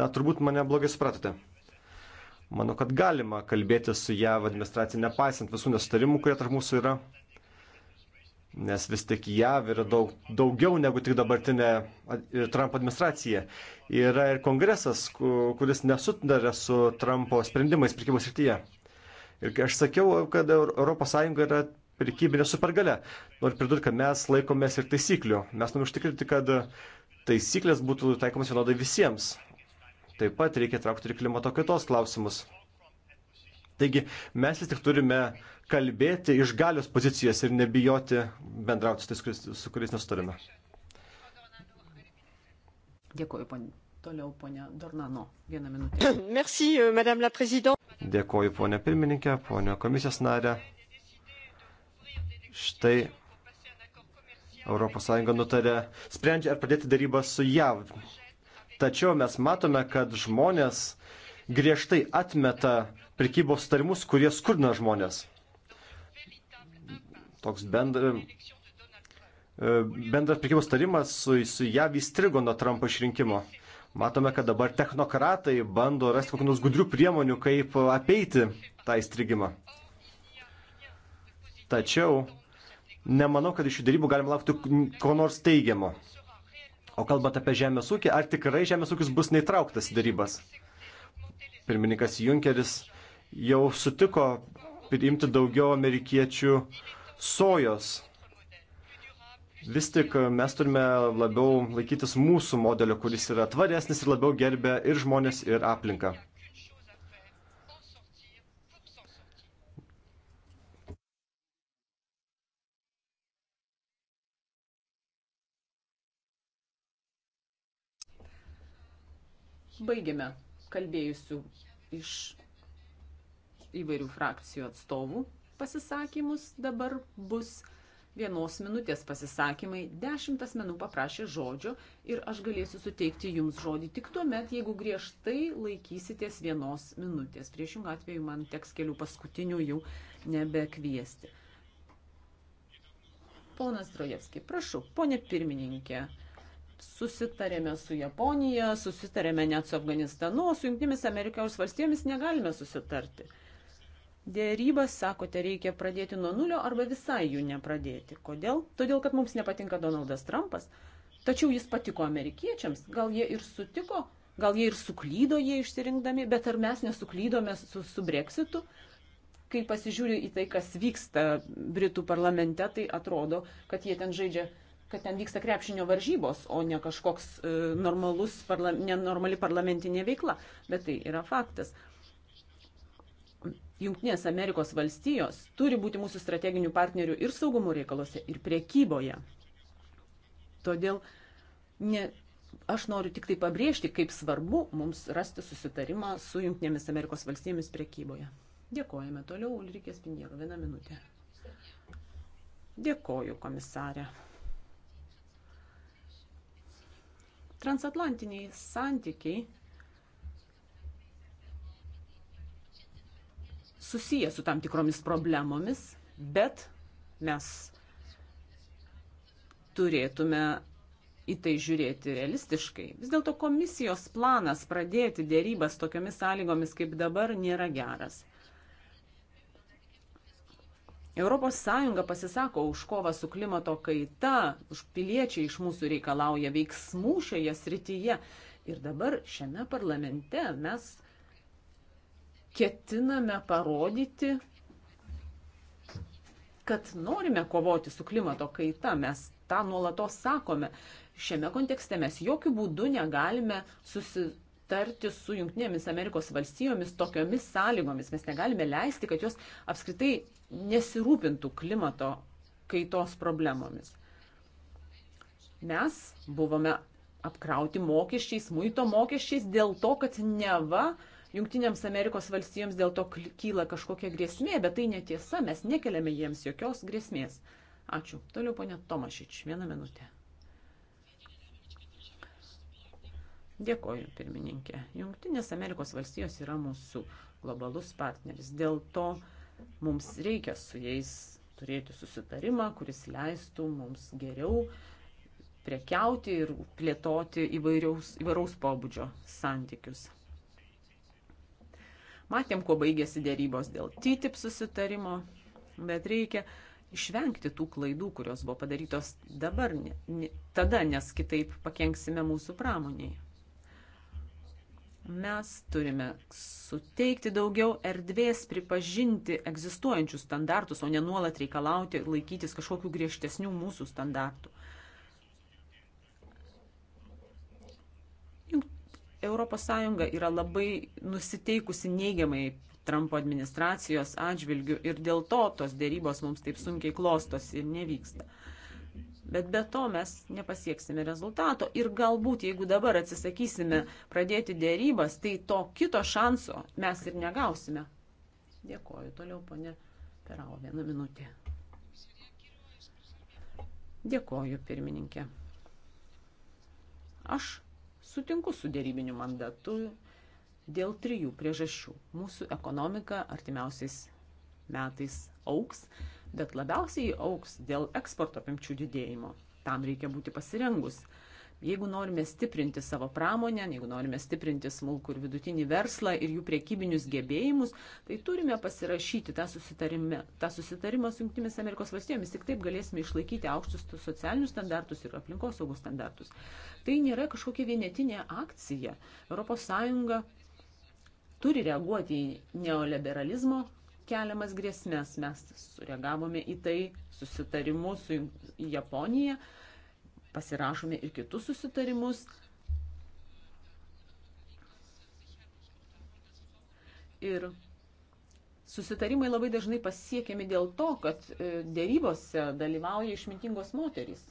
Na, turbūt mane blogai supratote. Manau, kad galima kalbėti su JAV administracija, nepaisant visų nesutarimų, kurie tarp mūsų yra, nes vis tik JAV yra daug, daugiau negu tik dabartinė Trump administracija. Yra ir kongresas, kuris nesutarė su Trumpo sprendimais prekybos srityje. Ir kai aš sakiau, kad ES yra prekybinė supergalė, noriu pridurti, kad mes laikomės ir taisyklių. Mes norime užtikrinti, kad taisyklės būtų taikomas vienodai visiems, Taip pat reikia traukti ir klimato kaitos klausimus. Taigi mes vis tik turime kalbėti iš galios pozicijos ir nebijoti bendrauti su tais, kuris, su kuriais nesutarime. Dėkuoju, ponė. Toliau, ponė Dornano. Vieną minutę. Merci, euh, madame la présidente. Dėkuoju, ponė pirmininkė, ponė komisijos narė. Štai ES nutarė, sprendžia ar pradėti darybą su JAV Tačiau mes matome, kad žmonės griežtai atmeta prekybos tarimus, kurie skurdina žmonės. Toks bendra, e, bendras prekybos tarimas su, su JAV įstrigo nuo Trumpo išrinkimo. Matome, kad dabar technokratai bando rasti kokių nors gudrių priemonių, kaip apeiti tą įstrigimą. Tačiau nemanau, kad iš jų darybų galima laukti ko nors teigiamo. O kalbant apie žemės ūkį, ar tikrai žemės ūkis bus neįtrauktas į darybas? Pirmininkas Junkeris jau sutiko priimti daugiau amerikiečių sojos. Vis tik mes turime labiau laikytis mūsų modelio, kuris yra tvaresnis ir labiau gerbė ir žmonės, ir aplinką. Baigiame kalbėjusių iš įvairių frakcijų atstovų pasisakymus. Dabar bus vienos minutės pasisakymai, dešimt asmenų paprašė žodžio ir aš galėsiu suteikti jums žodį tik tuo met, jeigu griežtai laikysitės vienos minutės. Priešingų atveju man teks kelių paskutinių jau nebekviesti. Ponas Trojevski, prašau, ponė pirmininkė, susitarėme su Japonija, susitarėme net su Afganistanu, su Junktinėmis Amerikos valstybėmis negalime susitarti. Dėrybas, sakote, reikia pradėti nuo nulio arba visai jų nepradėti. Kodėl? Todėl, kad mums nepatinka Donaldas Trumpas, tačiau jis patiko amerikiečiams, gal jie ir sutiko, gal jie ir suklydo jie išsirinkdami, bet ar mes nesuklydome su, su Brexitu? Kai pasižiūri į tai, kas vyksta Britų parlamente, tai atrodo, kad jie ten žaidžia kad ten vyksta krepšinio varžybos, o ne kažkoks e, normalus, parla, nenormali parlamentinė veikla. Bet tai yra faktas. Junktinės Amerikos valstijos turi būti mūsų strateginių partnerių ir saugumo reikaluose, ir priekyboje. Todėl ne, aš noriu tik tai pabrėžti, kaip svarbu mums rasti susitarimą su Junktinėmis Amerikos valstijomis priekyboje. Dėkojame toliau, Ulrikės Pinjero, vieną minutę. Dėkoju, komisarė. Transatlantiniai santykiai susiję su tam tikromis problemomis, bet mes turėtume į tai žiūrėti realistiškai. Vis dėlto komisijos planas pradėti dėrybas tokiomis sąlygomis kaip dabar nėra geras. ES pasisako už kovą su klimato kaita, už piliečiai iš mūsų reikalauja veiksmų šioje srityje. Ir dabar šiame parlamente mes ketiname parodyti, kad norime kovoti su klimato kaita. Mes tą nuolatos sakome. Šiame kontekste mes jokių būdų negalime susitikti susitarti su Junktinėmis Amerikos valstijomis tokiomis sąlygomis. Mes negalime leisti, kad jos apskritai nesirūpintų klimato kaitos problemomis. Mes buvome apkrauti mokesčiais, muito mokesčiais dėl to, kad neva Junktinėms Amerikos valstijoms dėl to kyla kažkokia grėsmė, bet tai netiesa, mes nekeliame jiems jokios grėsmės. Ačiū. Toliau ponė Tomašič, vieną minutę. Dėkoju, pirmininkė. Junktinės Amerikos valstijos yra mūsų globalus partneris. Dėl to mums reikia su jais turėti susitarimą, kuris leistų mums geriau prekiauti ir plėtoti įvairiaus, įvairaus pobūdžio santykius. Matėm, kuo baigėsi dėrybos dėl TTIP susitarimo, bet reikia išvengti tų klaidų, kurios buvo padarytos dabar, ne, ne, tada, nes kitaip pakenksime mūsų pramoniai. Mes turime suteikti daugiau erdvės pripažinti egzistuojančius standartus, o ne nuolat reikalauti laikytis kažkokių griežtesnių mūsų standartų. ES yra labai nusiteikusi neigiamai Trumpo administracijos atžvilgių ir dėl to tos dėrybos mums taip sunkiai klostosi ir nevyksta. Uh, Bet be to mes nepasieksime rezultato. Ir galbūt, jeigu dabar atsisakysime pradėti dėrybas, tai to kito šanso mes ir negausime. Dėkoju. Toliau, ponė Perau, vieną minutę. Dėkoju, pirmininkė. Aš sutinku su dėrybiniu mandatu dėl trijų priežasčių. Mūsų ekonomika artimiausiais metais auks, bet labiausiai auks dėl eksporto apimčių didėjimo. Tam reikia būti pasirengus. Jeigu norime stiprinti savo pramonę, jeigu norime stiprinti smulkų ir vidutinį verslą ir jų priekybinius gebėjimus, tai turime pasirašyti tą, tą susitarimą su Junktinėmis Amerikos valstybėmis. Tik taip galėsime išlaikyti aukštus socialinius standartus ir aplinkosaugos standartus. Tai nėra kažkokia vienetinė akcija. ES turi reaguoti į neoliberalizmo keliamas grėsmės. Mes sureagavome į tai susitarimu su Japonija, pasirašome ir kitus susitarimus. Ir susitarimai labai dažnai pasiekiami dėl to, kad e, dėrybose dalyvauja išmintingos moterys.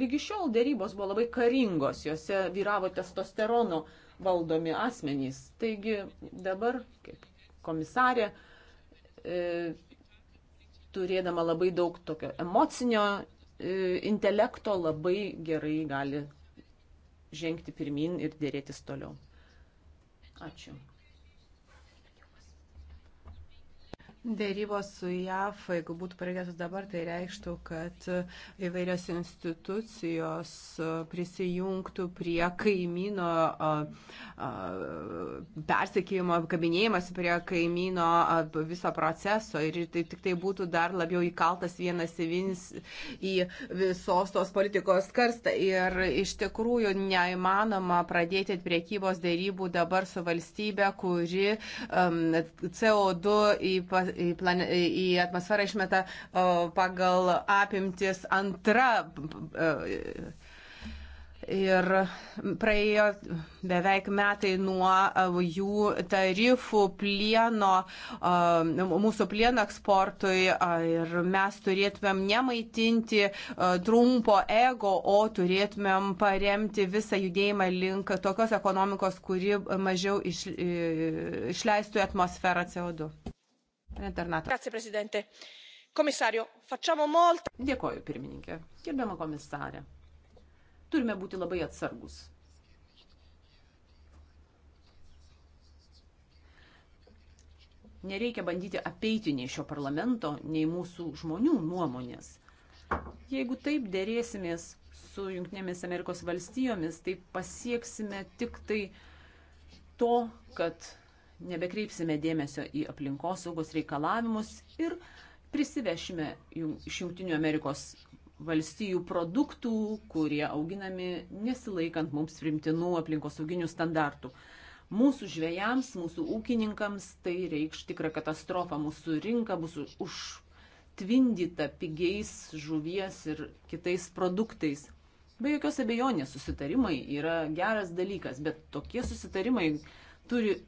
Lygi šiol dėrybos buvo labai karingos, juose vyravo testosterono valdomi asmenys. Taigi dabar, kaip komisarė, e, turėdama labai daug tokio emocinio e, intelekto, labai gerai gali žengti pirmin ir dėrėtis toliau. Ačiū. Dėrybos su JAF, jeigu būtų pradėtos dabar, tai reikštų, kad įvairios institucijos prisijungtų prie kaimyno persikėjimo, kabinėjimas prie kaimyno viso proceso ir tai tik tai būtų dar labiau įkaltas vienas į, vins, į visos tos politikos karstą. Ir iš tikrųjų neįmanoma pradėti priekybos dėrybų dabar su valstybe, kuri um, CO2 į į, plane, į atmosferą išmeta pagal apimtis antra. E, ir praėjo beveik metai nuo e, jų tarifų plieno, mūsų plieno eksportui ir mes turėtumėm nemaitinti trumpo ego, o turėtumėm paremti visą judėjimą link tokios ekonomikos, kuri mažiau iš, išleistų atmosferą CO2. Grazie, prezidente. Komisario, facciamo moltą. Dėkoju, pirmininkė. Gerbiama komisarė. Turime būti labai atsargus. Nereikia bandyti apeiti nei šio parlamento, nei mūsų žmonių nuomonės. Jeigu taip dėrėsimės su Junktinėmis Amerikos valstijomis, tai pasieksime tik tai to, kad nebekreipsime dėmesio į aplinkosaugos reikalavimus ir prisivešime iš Junktinių Amerikos valstijų produktų, kurie auginami nesilaikant mums primtinų aplinkosauginių standartų. Mūsų žvėjams, mūsų ūkininkams tai reikš tikrą katastrofą, mūsų rinka bus užtvindyta pigiais žuvies ir kitais produktais. Be jokios abejonės susitarimai yra geras dalykas, bet tokie susitarimai turi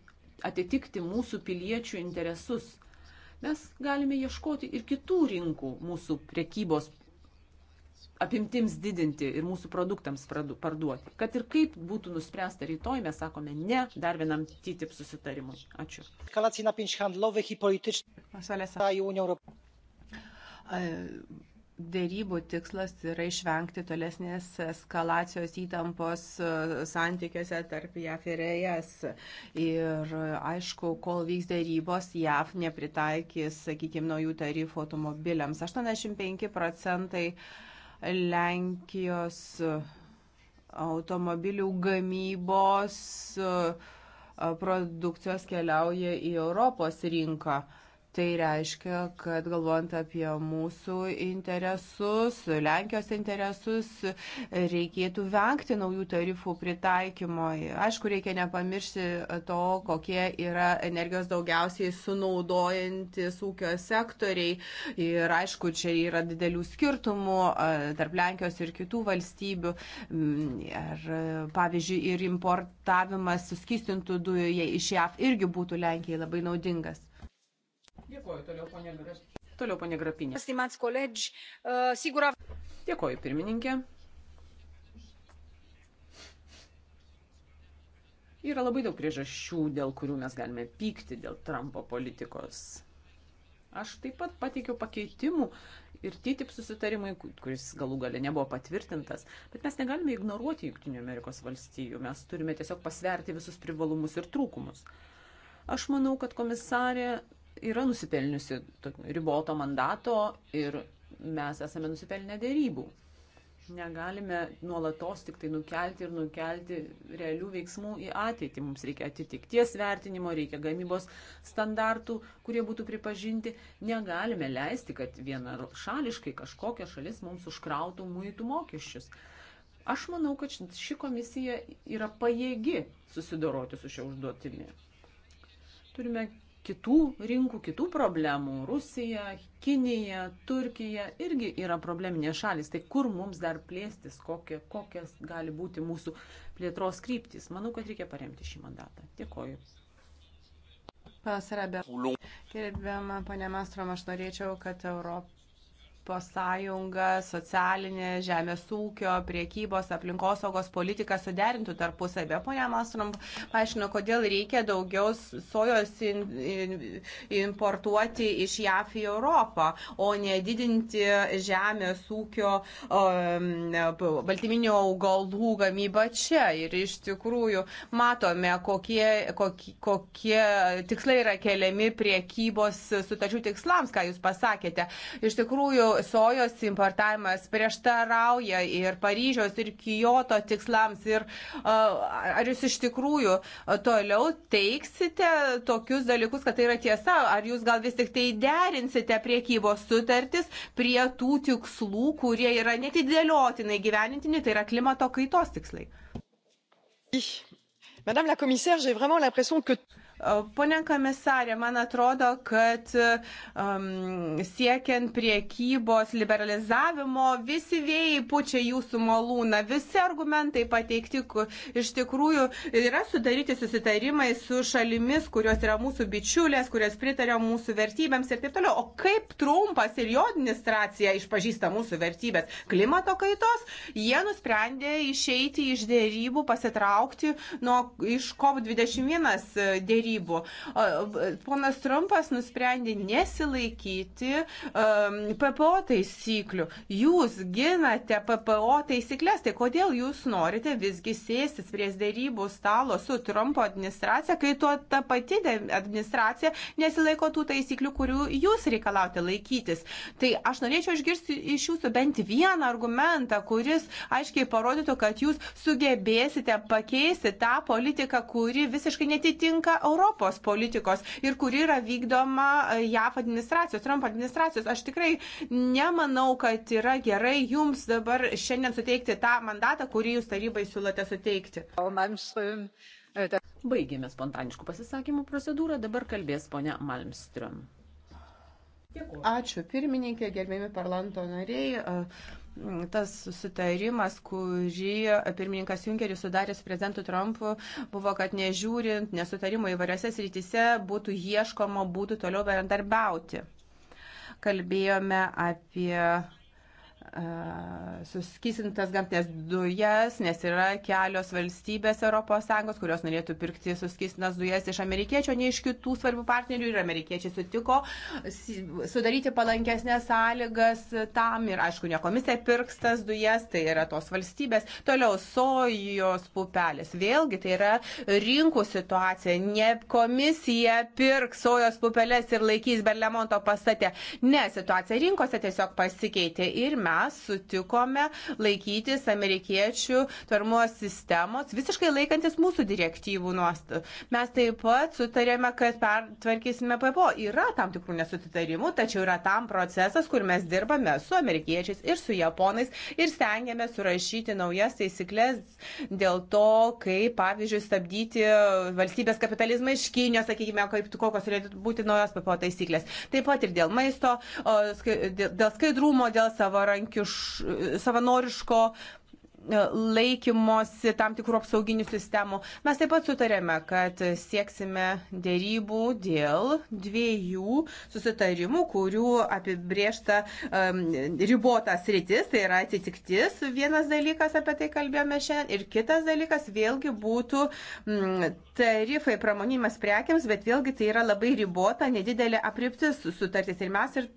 atitikti mūsų piliečių interesus. Mes galime ieškoti ir kitų rinkų mūsų prekybos apimtims didinti ir mūsų produktams parduoti. Kad ir kaip būtų nuspręsta rytoj, mes sakome ne dar vienam TTIP susitarimui. Ačiū. Eskalacija napięć handlowych i politycznych w kraju Unii Europejskiej e, Dėrybų tikslas yra išvengti tolesnės eskalacijos įtampos e, santykiuose tarp JAF ir ES. Ir aišku, kol vyks dėrybos, JAF nepritaikys, sakykime, naujų tarifų automobiliams. 85 procentai Lenkijos automobilių gamybos e, produkcijos keliauja į Europos rinką. Tai reiškia, kad galvojant apie mūsų interesus, Lenkijos interesus, reikėtų vengti naujų tarifų pritaikymo. Aišku, reikia nepamiršti to, kokie yra energijos daugiausiai sunaudojantis ūkio sektoriai. Ir aišku, čia yra didelių skirtumų e, tarp Lenkijos ir kitų valstybių. Mm, ir, e, pavyzdžiui, ir importavimas suskistintų dujų iš JAV irgi būtų Lenkijai labai naudingas. Dėkuoju toliau, ponė Grapinė. Toliau, ponė Grapinė. Stimați colegi, uh, sigura. Dėkuoju, pirmininkė. Yra labai daug priežasčių, dėl kurių mes galime pykti dėl Trumpo politikos. Aš taip pat pateikiau pakeitimų ir TTIP susitarimui, kuris galų gale nebuvo patvirtintas. Bet mes negalime ignoruoti Junktinių Amerikos valstijų. Mes turime tiesiog pasverti visus privalumus ir trūkumus. Aš manau, kad komisarė yra nusipelniusi riboto mandato ir mes esame nusipelnę dėrybų. Negalime nuolatos tik tai nukelti ir nukelti realių veiksmų į ateitį. Mums reikia atitikties vertinimo, reikia gamybos standartų, kurie būtų pripažinti. Negalime leisti, kad vienašališkai kažkokia šalis mums užkrautų muitų mokesčius. Aš manau, kad ši komisija yra pajėgi susidoroti su šia užduotimi. Turime kitų rinkų, kitų problemų. Rusija, Kinija, Turkija irgi yra probleminės šalis. Tai kur mums dar plėstis, kokie, kokias gali būti mūsų plėtros kryptis. Manau, kad reikia paremti šį mandatą. Dėkoju. Pasirabė. Gerbiama ponė Mastrom, aš norėčiau, kad Europa ES socialinė, žemės ūkio, priekybos, aplinkosaugos politika suderintų tarpusavę. Pone Masrum, paaiškino, kodėl reikia daugiau sojos in, in, importuoti iš JAF į Europą, o ne didinti žemės ūkio um, baltyminio augalų gamybą čia. Ir iš tikrųjų matome, kokie, kokie, kokie tikslai yra keliami priekybos sutarčių tikslams, ką jūs pasakėte. Iš tikrųjų, sojos importavimas prieštarauja ir Paryžiaus, ir Kijoto tikslams. Ir ar jūs iš tikrųjų toliau teiksite tokius dalykus, kad tai yra tiesa? Ar jūs gal vis tik tai derinsite priekybos sutartis prie tų tikslų, kurie yra netidėliotinai gyvenintini, tai yra klimato kaitos tikslai? Madame la commissaire, j'ai vraiment l'impression que Pone komisarė, man atrodo, kad um, siekiant priekybos liberalizavimo visi vėjai pučia jūsų malūną, visi argumentai pateikti, iš tikrųjų yra sudaryti susitarimai su šalimis, kurios yra mūsų bičiulės, kurios pritarė mūsų vertybėms ir taip toliau. O kaip Trumpas ir jo administracija išpažįsta mūsų vertybės klimato kaitos, jie nusprendė išeiti iš dėrybų, pasitraukti nuo, iš COP21 dėrybų dėrybų. Ponas Trumpas nusprendė nesilaikyti um, PPO taisyklių. Jūs ginate PPO taisyklės, tai kodėl jūs norite visgi sėstis prie dėrybų stalo su Trumpo administracija, kai tuo ta pati administracija nesilaiko tų taisyklių, kurių jūs reikalauti laikytis. Tai aš norėčiau išgirsti iš jūsų bent vieną argumentą, kuris aiškiai parodytų, kad jūs sugebėsite pakeisti tą politiką, kuri visiškai netitinka Europos politikos ir kuri yra vykdoma e, JAF administracijos, Trump administracijos. Aš tikrai nemanau, kad yra gerai jums dabar šiandien suteikti tą mandatą, kurį jūs tarybai siūlote suteikti. E, Baigėme spontaniškų pasisakymų procedūrą, dabar kalbės ponia Malmström. Ačiū pirmininkė, gerbėmi parlamento nariai. E, tas susitarimas, kurį pirmininkas Junkeris sudarė su prezidentu Trumpu, buvo, kad nežiūrint nesutarimo įvairiose srityse būtų ieškoma būtų toliau bendarbiauti. Kalbėjome apie suskysintas gamtinės dujas, nes yra kelios valstybės ES, kurios norėtų pirkti suskystintas dujas iš amerikiečio, ne iš kitų svarbių partnerių ir amerikiečiai sutiko sudaryti palankesnės sąlygas tam ir, aišku, ne komisija pirks tas dujas, tai yra tos valstybės. Toliau sojos pupelės. Vėlgi tai yra rinkų situacija. Ne komisija pirks sojos pupelės ir laikys Berlemonto pastate. Ne, situacija rinkose tiesiog pasikeitė ir mes mes sutikome laikytis amerikiečių tvarumo sistemos, visiškai laikantis mūsų direktyvų nuostatų. Mes taip pat sutarėme, kad pertvarkysime PPO. Yra tam tikrų nesutarimų, tačiau yra tam procesas, kur mes dirbame su amerikiečiais ir su japonais ir stengiame surašyti naujas taisyklės dėl to, kaip, pavyzdžiui, stabdyti valstybės kapitalizmą iš Kinijos, sakykime, kaip, kokios turėtų būti naujos PPO taisyklės. Taip pat ir dėl maisto, dėl skaidrumo, dėl savarankiškumo savarankiš, savanoriško E, laikymosi tam tikrų apsauginių sistemų. Mes taip pat sutarėme, kad sieksime dėrybų dėl dviejų susitarimų, kurių apibriešta um, ribotas rytis, tai yra atitiktis. Vienas dalykas, apie tai kalbėjome šiandien, ir kitas dalykas vėlgi būtų mm, tarifai pramonimas prekiams, bet vėlgi tai yra labai ribota, nedidelė apriptis sutartis. Ir mes ir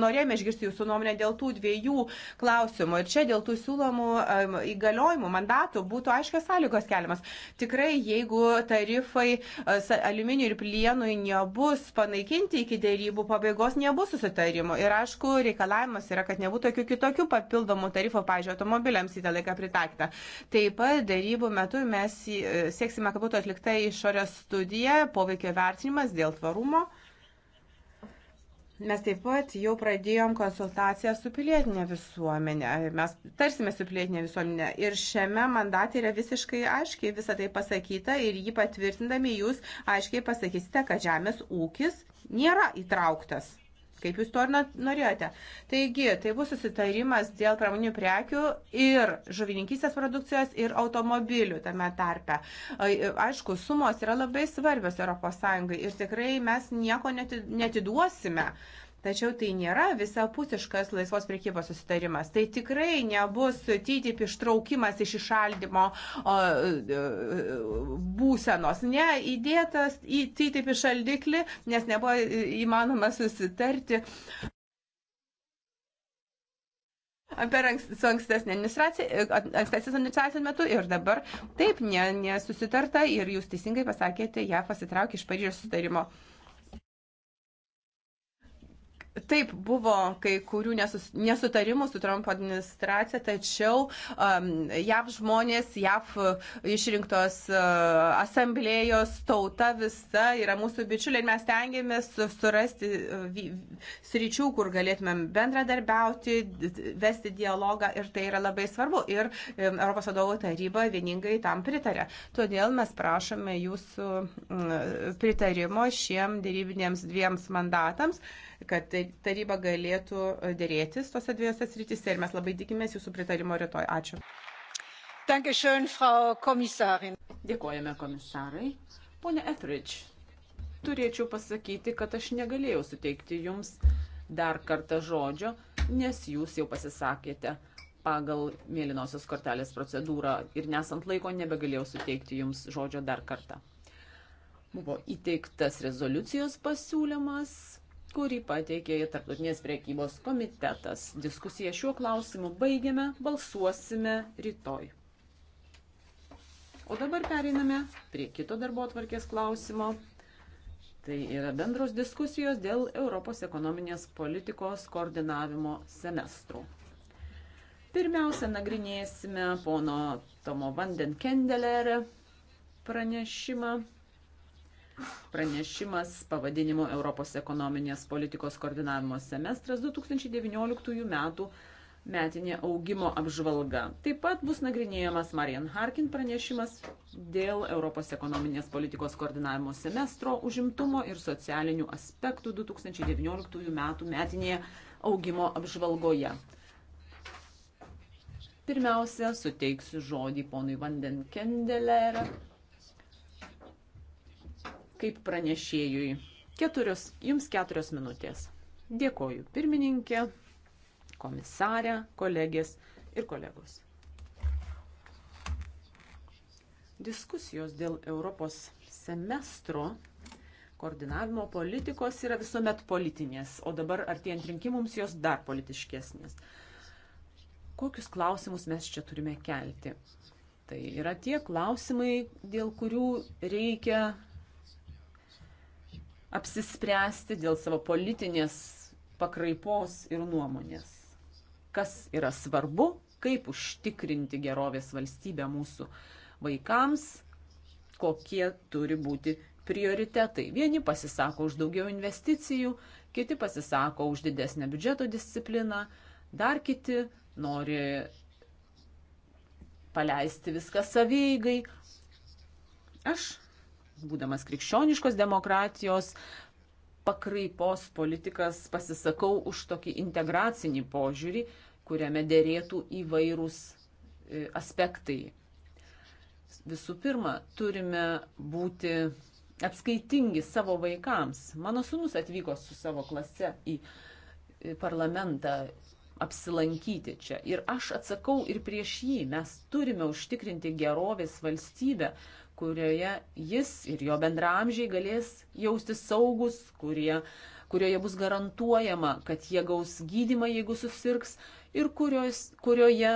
norėjome išgirsti jūsų nuomonę dėl tų dviejų klausimų. Ir čia dėl tų siūlomų um, įgaliojimų, mandatų būtų aiškios sąlygos keliamas. Tikrai, jeigu tarifai e, aliuminiui ir plienui nebus panaikinti iki dėrybų pabaigos, nebus susitarimo. Ir aišku, reikalavimas yra, kad nebūtų jokių kitokių papildomų tarifų, pažiūrėjau, automobiliams į tą laiką pritaikyta. Taip pat dėrybų metu mes e, sieksime, kad būtų atlikta išorės studija, poveikio vertinimas dėl tvarumo Mes taip pat jau pradėjom konsultaciją su pilietinė visuomenė. Mes tarsime su pilietinė visuomenė. Ir šiame mandate yra visiškai aiškiai visą tai pasakyta ir jį patvirtindami jūs aiškiai pasakysite, kad žemės ūkis nėra įtrauktas kaip jūs to ir norėjote. Taigi, tai bus susitarimas dėl pramoninių prekių ir žuvininkystės produkcijos ir automobilių tame tarpe. Aišku, sumos yra labai svarbios ES ir tikrai mes nieko netiduosime. Tačiau tai nėra visapusiškas laisvos priekybos susitarimas. Tai tikrai nebus TTIP ištraukimas iš išaldimo o, e, e, būsenos. Ne, įdėtas į TTIP išaldiklį, nes nebuvo įmanoma susitarti. Per su ankstesnė administracija, ankstesnės administracijos metu ir dabar taip nesusitarta ne ir jūs teisingai pasakėte, ją pasitraukė iš Paryžiaus sutarimo. Taip, buvo kai kurių nesus, nesutarimų su Trumpo administracija, tačiau um, JAV žmonės, JAV uh, išrinktos uh, asamblėjos, tauta visa yra mūsų bičiuliai ir mes tengiamės surasti uh, sričių, kur galėtumėm bendradarbiauti, vesti dialogą ir tai yra labai svarbu. Ir um, Europos vadovų taryba vieningai tam pritarė. Todėl mes prašome jūsų um, pritarimo šiem dėrybinėms dviems mandatams. Uh, kad tai taryba galėtų e, dėrėtis tose dviejose srityse ir mes labai tikimės jūsų pritarimo rytoj. Ačiū. Dankeschön, Frau Kommissarin. Dėkojame komisarai. Pone Etheridge, turėčiau pasakyti, kad aš negalėjau suteikti jums dar kartą žodžio, nes jūs jau pasisakėte pagal mėlynosios kortelės procedūrą ir nesant laiko nebegalėjau suteikti jums žodžio dar kartą. Buvo įteiktas rezoliucijos pasiūlymas, kurį pateikė Tarptautinės priekybos komitetas. Diskusiją šiuo klausimu baigiame, balsuosime rytoj. O dabar pereiname prie kito darbo atvarkės klausimo. Tai yra bendros diskusijos dėl Europos ekonominės politikos koordinavimo semestrų. Pirmiausia, nagrinėsime pono Tomo Vandenkendelerį pranešimą pranešimas pavadinimu Europos ekonominės politikos koordinavimo semestras 2019 metų metinė augimo apžvalga. Taip pat bus nagrinėjamas Marian Harkin pranešimas dėl Europos ekonominės politikos koordinavimo semestro užimtumo ir socialinių aspektų 2019 metų metinėje augimo apžvalgoje. Pirmiausia, suteiksiu žodį ponui Vanden Kendeler kaip pranešėjui. Keturios, jums keturios minutės. Dėkoju pirmininkė, komisarė, kolegės ir kolegos. Diskusijos dėl Europos semestro koordinavimo politikos yra visuomet politinės, o dabar artėjant rinkimams jos dar politiškesnės. Kokius klausimus mes čia turime kelti? Tai yra tie klausimai, dėl kurių reikia apsispręsti dėl savo politinės pakraipos ir nuomonės. Kas yra svarbu, kaip užtikrinti gerovės valstybę mūsų vaikams, kokie turi būti prioritetai. Vieni pasisako už daugiau investicijų, kiti pasisako už didesnę biudžeto discipliną, dar kiti nori paleisti viską savygai. Aš būdamas krikščioniškos demokratijos pakraipos politikas, pasisakau už tokį integracinį požiūrį, kuriame dėrėtų įvairūs e, aspektai. Visų pirma, turime būti apskaitingi savo vaikams. Mano sunus atvyko su savo klase į e, parlamentą apsilankyti čia. Ir aš atsakau ir prieš jį. Mes turime užtikrinti gerovės valstybę, kurioje jis ir jo bendramžiai galės jausti saugus, kurie, kurioje bus garantuojama, kad jie gaus gydimą, jeigu susirgs, ir kurios, kurioje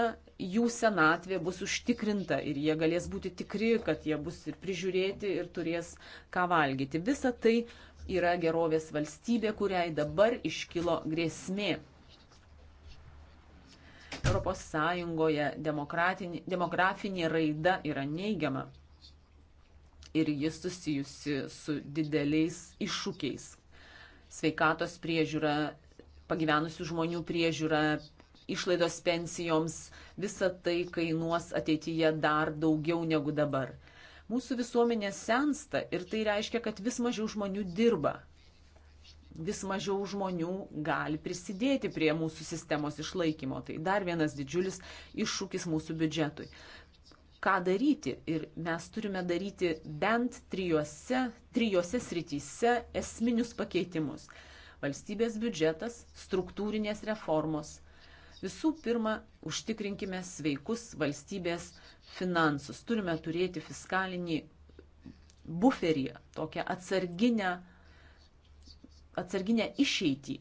jų senatvė bus užtikrinta ir jie galės būti tikri, kad jie bus ir prižiūrėti ir turės ką valgyti. Visa tai yra gerovės valstybė, kuriai dabar iškilo grėsmė. Europos Sąjungoje demografinė raida yra neigiama ir jis susijusi su dideliais iššūkiais. Sveikatos priežiūra, pagyvenusių žmonių priežiūra, išlaidos pensijoms, visa tai kainuos ateityje dar daugiau negu dabar. Mūsų visuomenė sensta ir tai reiškia, kad vis mažiau žmonių dirba. Vis mažiau žmonių gali prisidėti prie mūsų sistemos išlaikymo. Tai dar vienas didžiulis iššūkis mūsų biudžetui ką daryti. Ir mes turime daryti bent trijose, trijose srityse esminius pakeitimus. Valstybės biudžetas, struktūrinės reformos. Visų pirma, užtikrinkime sveikus valstybės finansus. Turime turėti fiskalinį buferį, tokią atsarginę, atsarginę išeitį,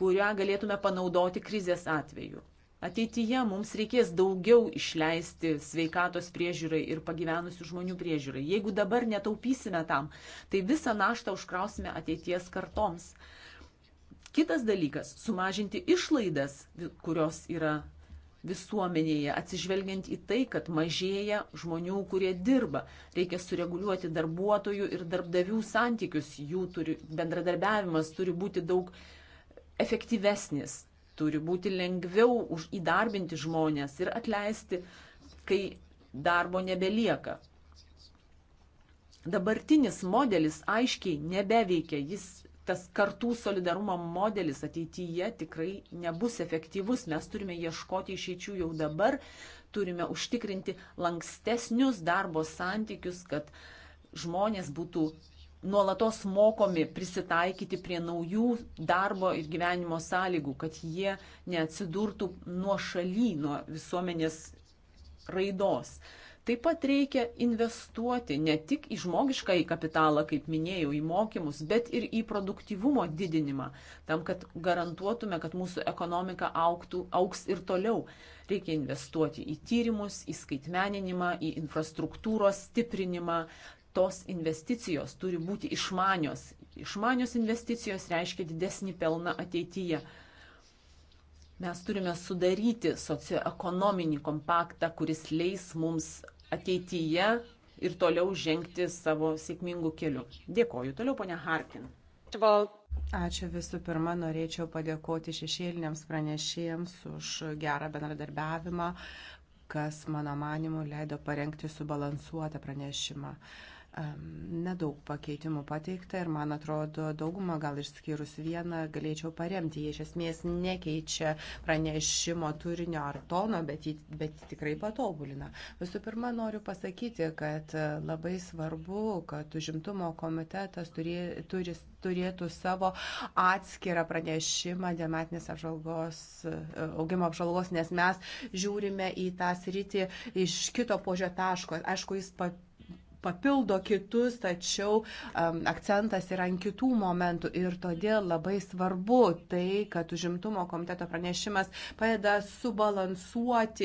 kurią galėtume panaudoti krizės atveju. Ateityje mums reikės daugiau išleisti sveikatos priežiūrai ir pagyvenusių žmonių priežiūrai. Jeigu dabar netaupysime tam, tai visą naštą užkrausime ateities kartoms. Kitas dalykas - sumažinti išlaidas, kurios yra visuomenėje, atsižvelgiant į tai, kad mažėja žmonių, kurie dirba. Reikia sureguliuoti darbuotojų ir darbdavių santykius, jų turi, bendradarbiavimas turi būti daug efektyvesnis Turi būti lengviau už įdarbinti žmonės ir atleisti, kai darbo nebelieka. Dabartinis modelis aiškiai nebeveikia, jis tas kartų solidarumo modelis ateityje tikrai nebus efektyvus. Mes turime ieškoti išeičių jau dabar, turime užtikrinti lankstesnius darbo santykius, kad žmonės būtų nuolatos mokomi prisitaikyti prie naujų darbo ir gyvenimo sąlygų, kad jie neatsidurtų nuo šaly, nuo visuomenės raidos. Taip pat reikia investuoti ne tik į žmogišką į kapitalą, kaip minėjau, į mokymus, bet ir į produktivumo didinimą, tam, kad garantuotume, kad mūsų ekonomika auktų, auks ir toliau. Reikia investuoti į tyrimus, į skaitmeninimą, į infrastruktūros stiprinimą, tos investicijos turi būti išmanios. Išmanios investicijos reiškia didesnį pelną ateityje. Mes turime sudaryti socioekonominį kompaktą, kuris leis mums ateityje ir toliau žengti savo sėkmingų kelių. Dėkoju. Toliau, ponia Harkin. Ačiū visų pirma, norėčiau padėkoti šešėliniams pranešėjams už gerą bendradarbiavimą, kas, mano manimu, leido parengti subalansuotą pranešimą. Uh, Nedaug pakeitimų pateikta ir, man atrodo, daugumą, gal išskyrus vieną, galėčiau paremti. Jie iš esmės nekeičia pranešimo turinio ar tono, bet, jį, bet tikrai patobulina. Visų pirma, noriu pasakyti, kad e, labai svarbu, kad užimtumo komitetas turė, turi, turėtų savo atskirą pranešimą dėl metinės apžalgos, e, augimo apžalgos, nes mes žiūrime į tą sritį iš kito požio taško. Aišku, jis papildomas papildo kitus, tačiau um, akcentas yra ant kitų momentų ir todėl labai svarbu tai, kad užimtumo komiteto pranešimas padeda subalansuoti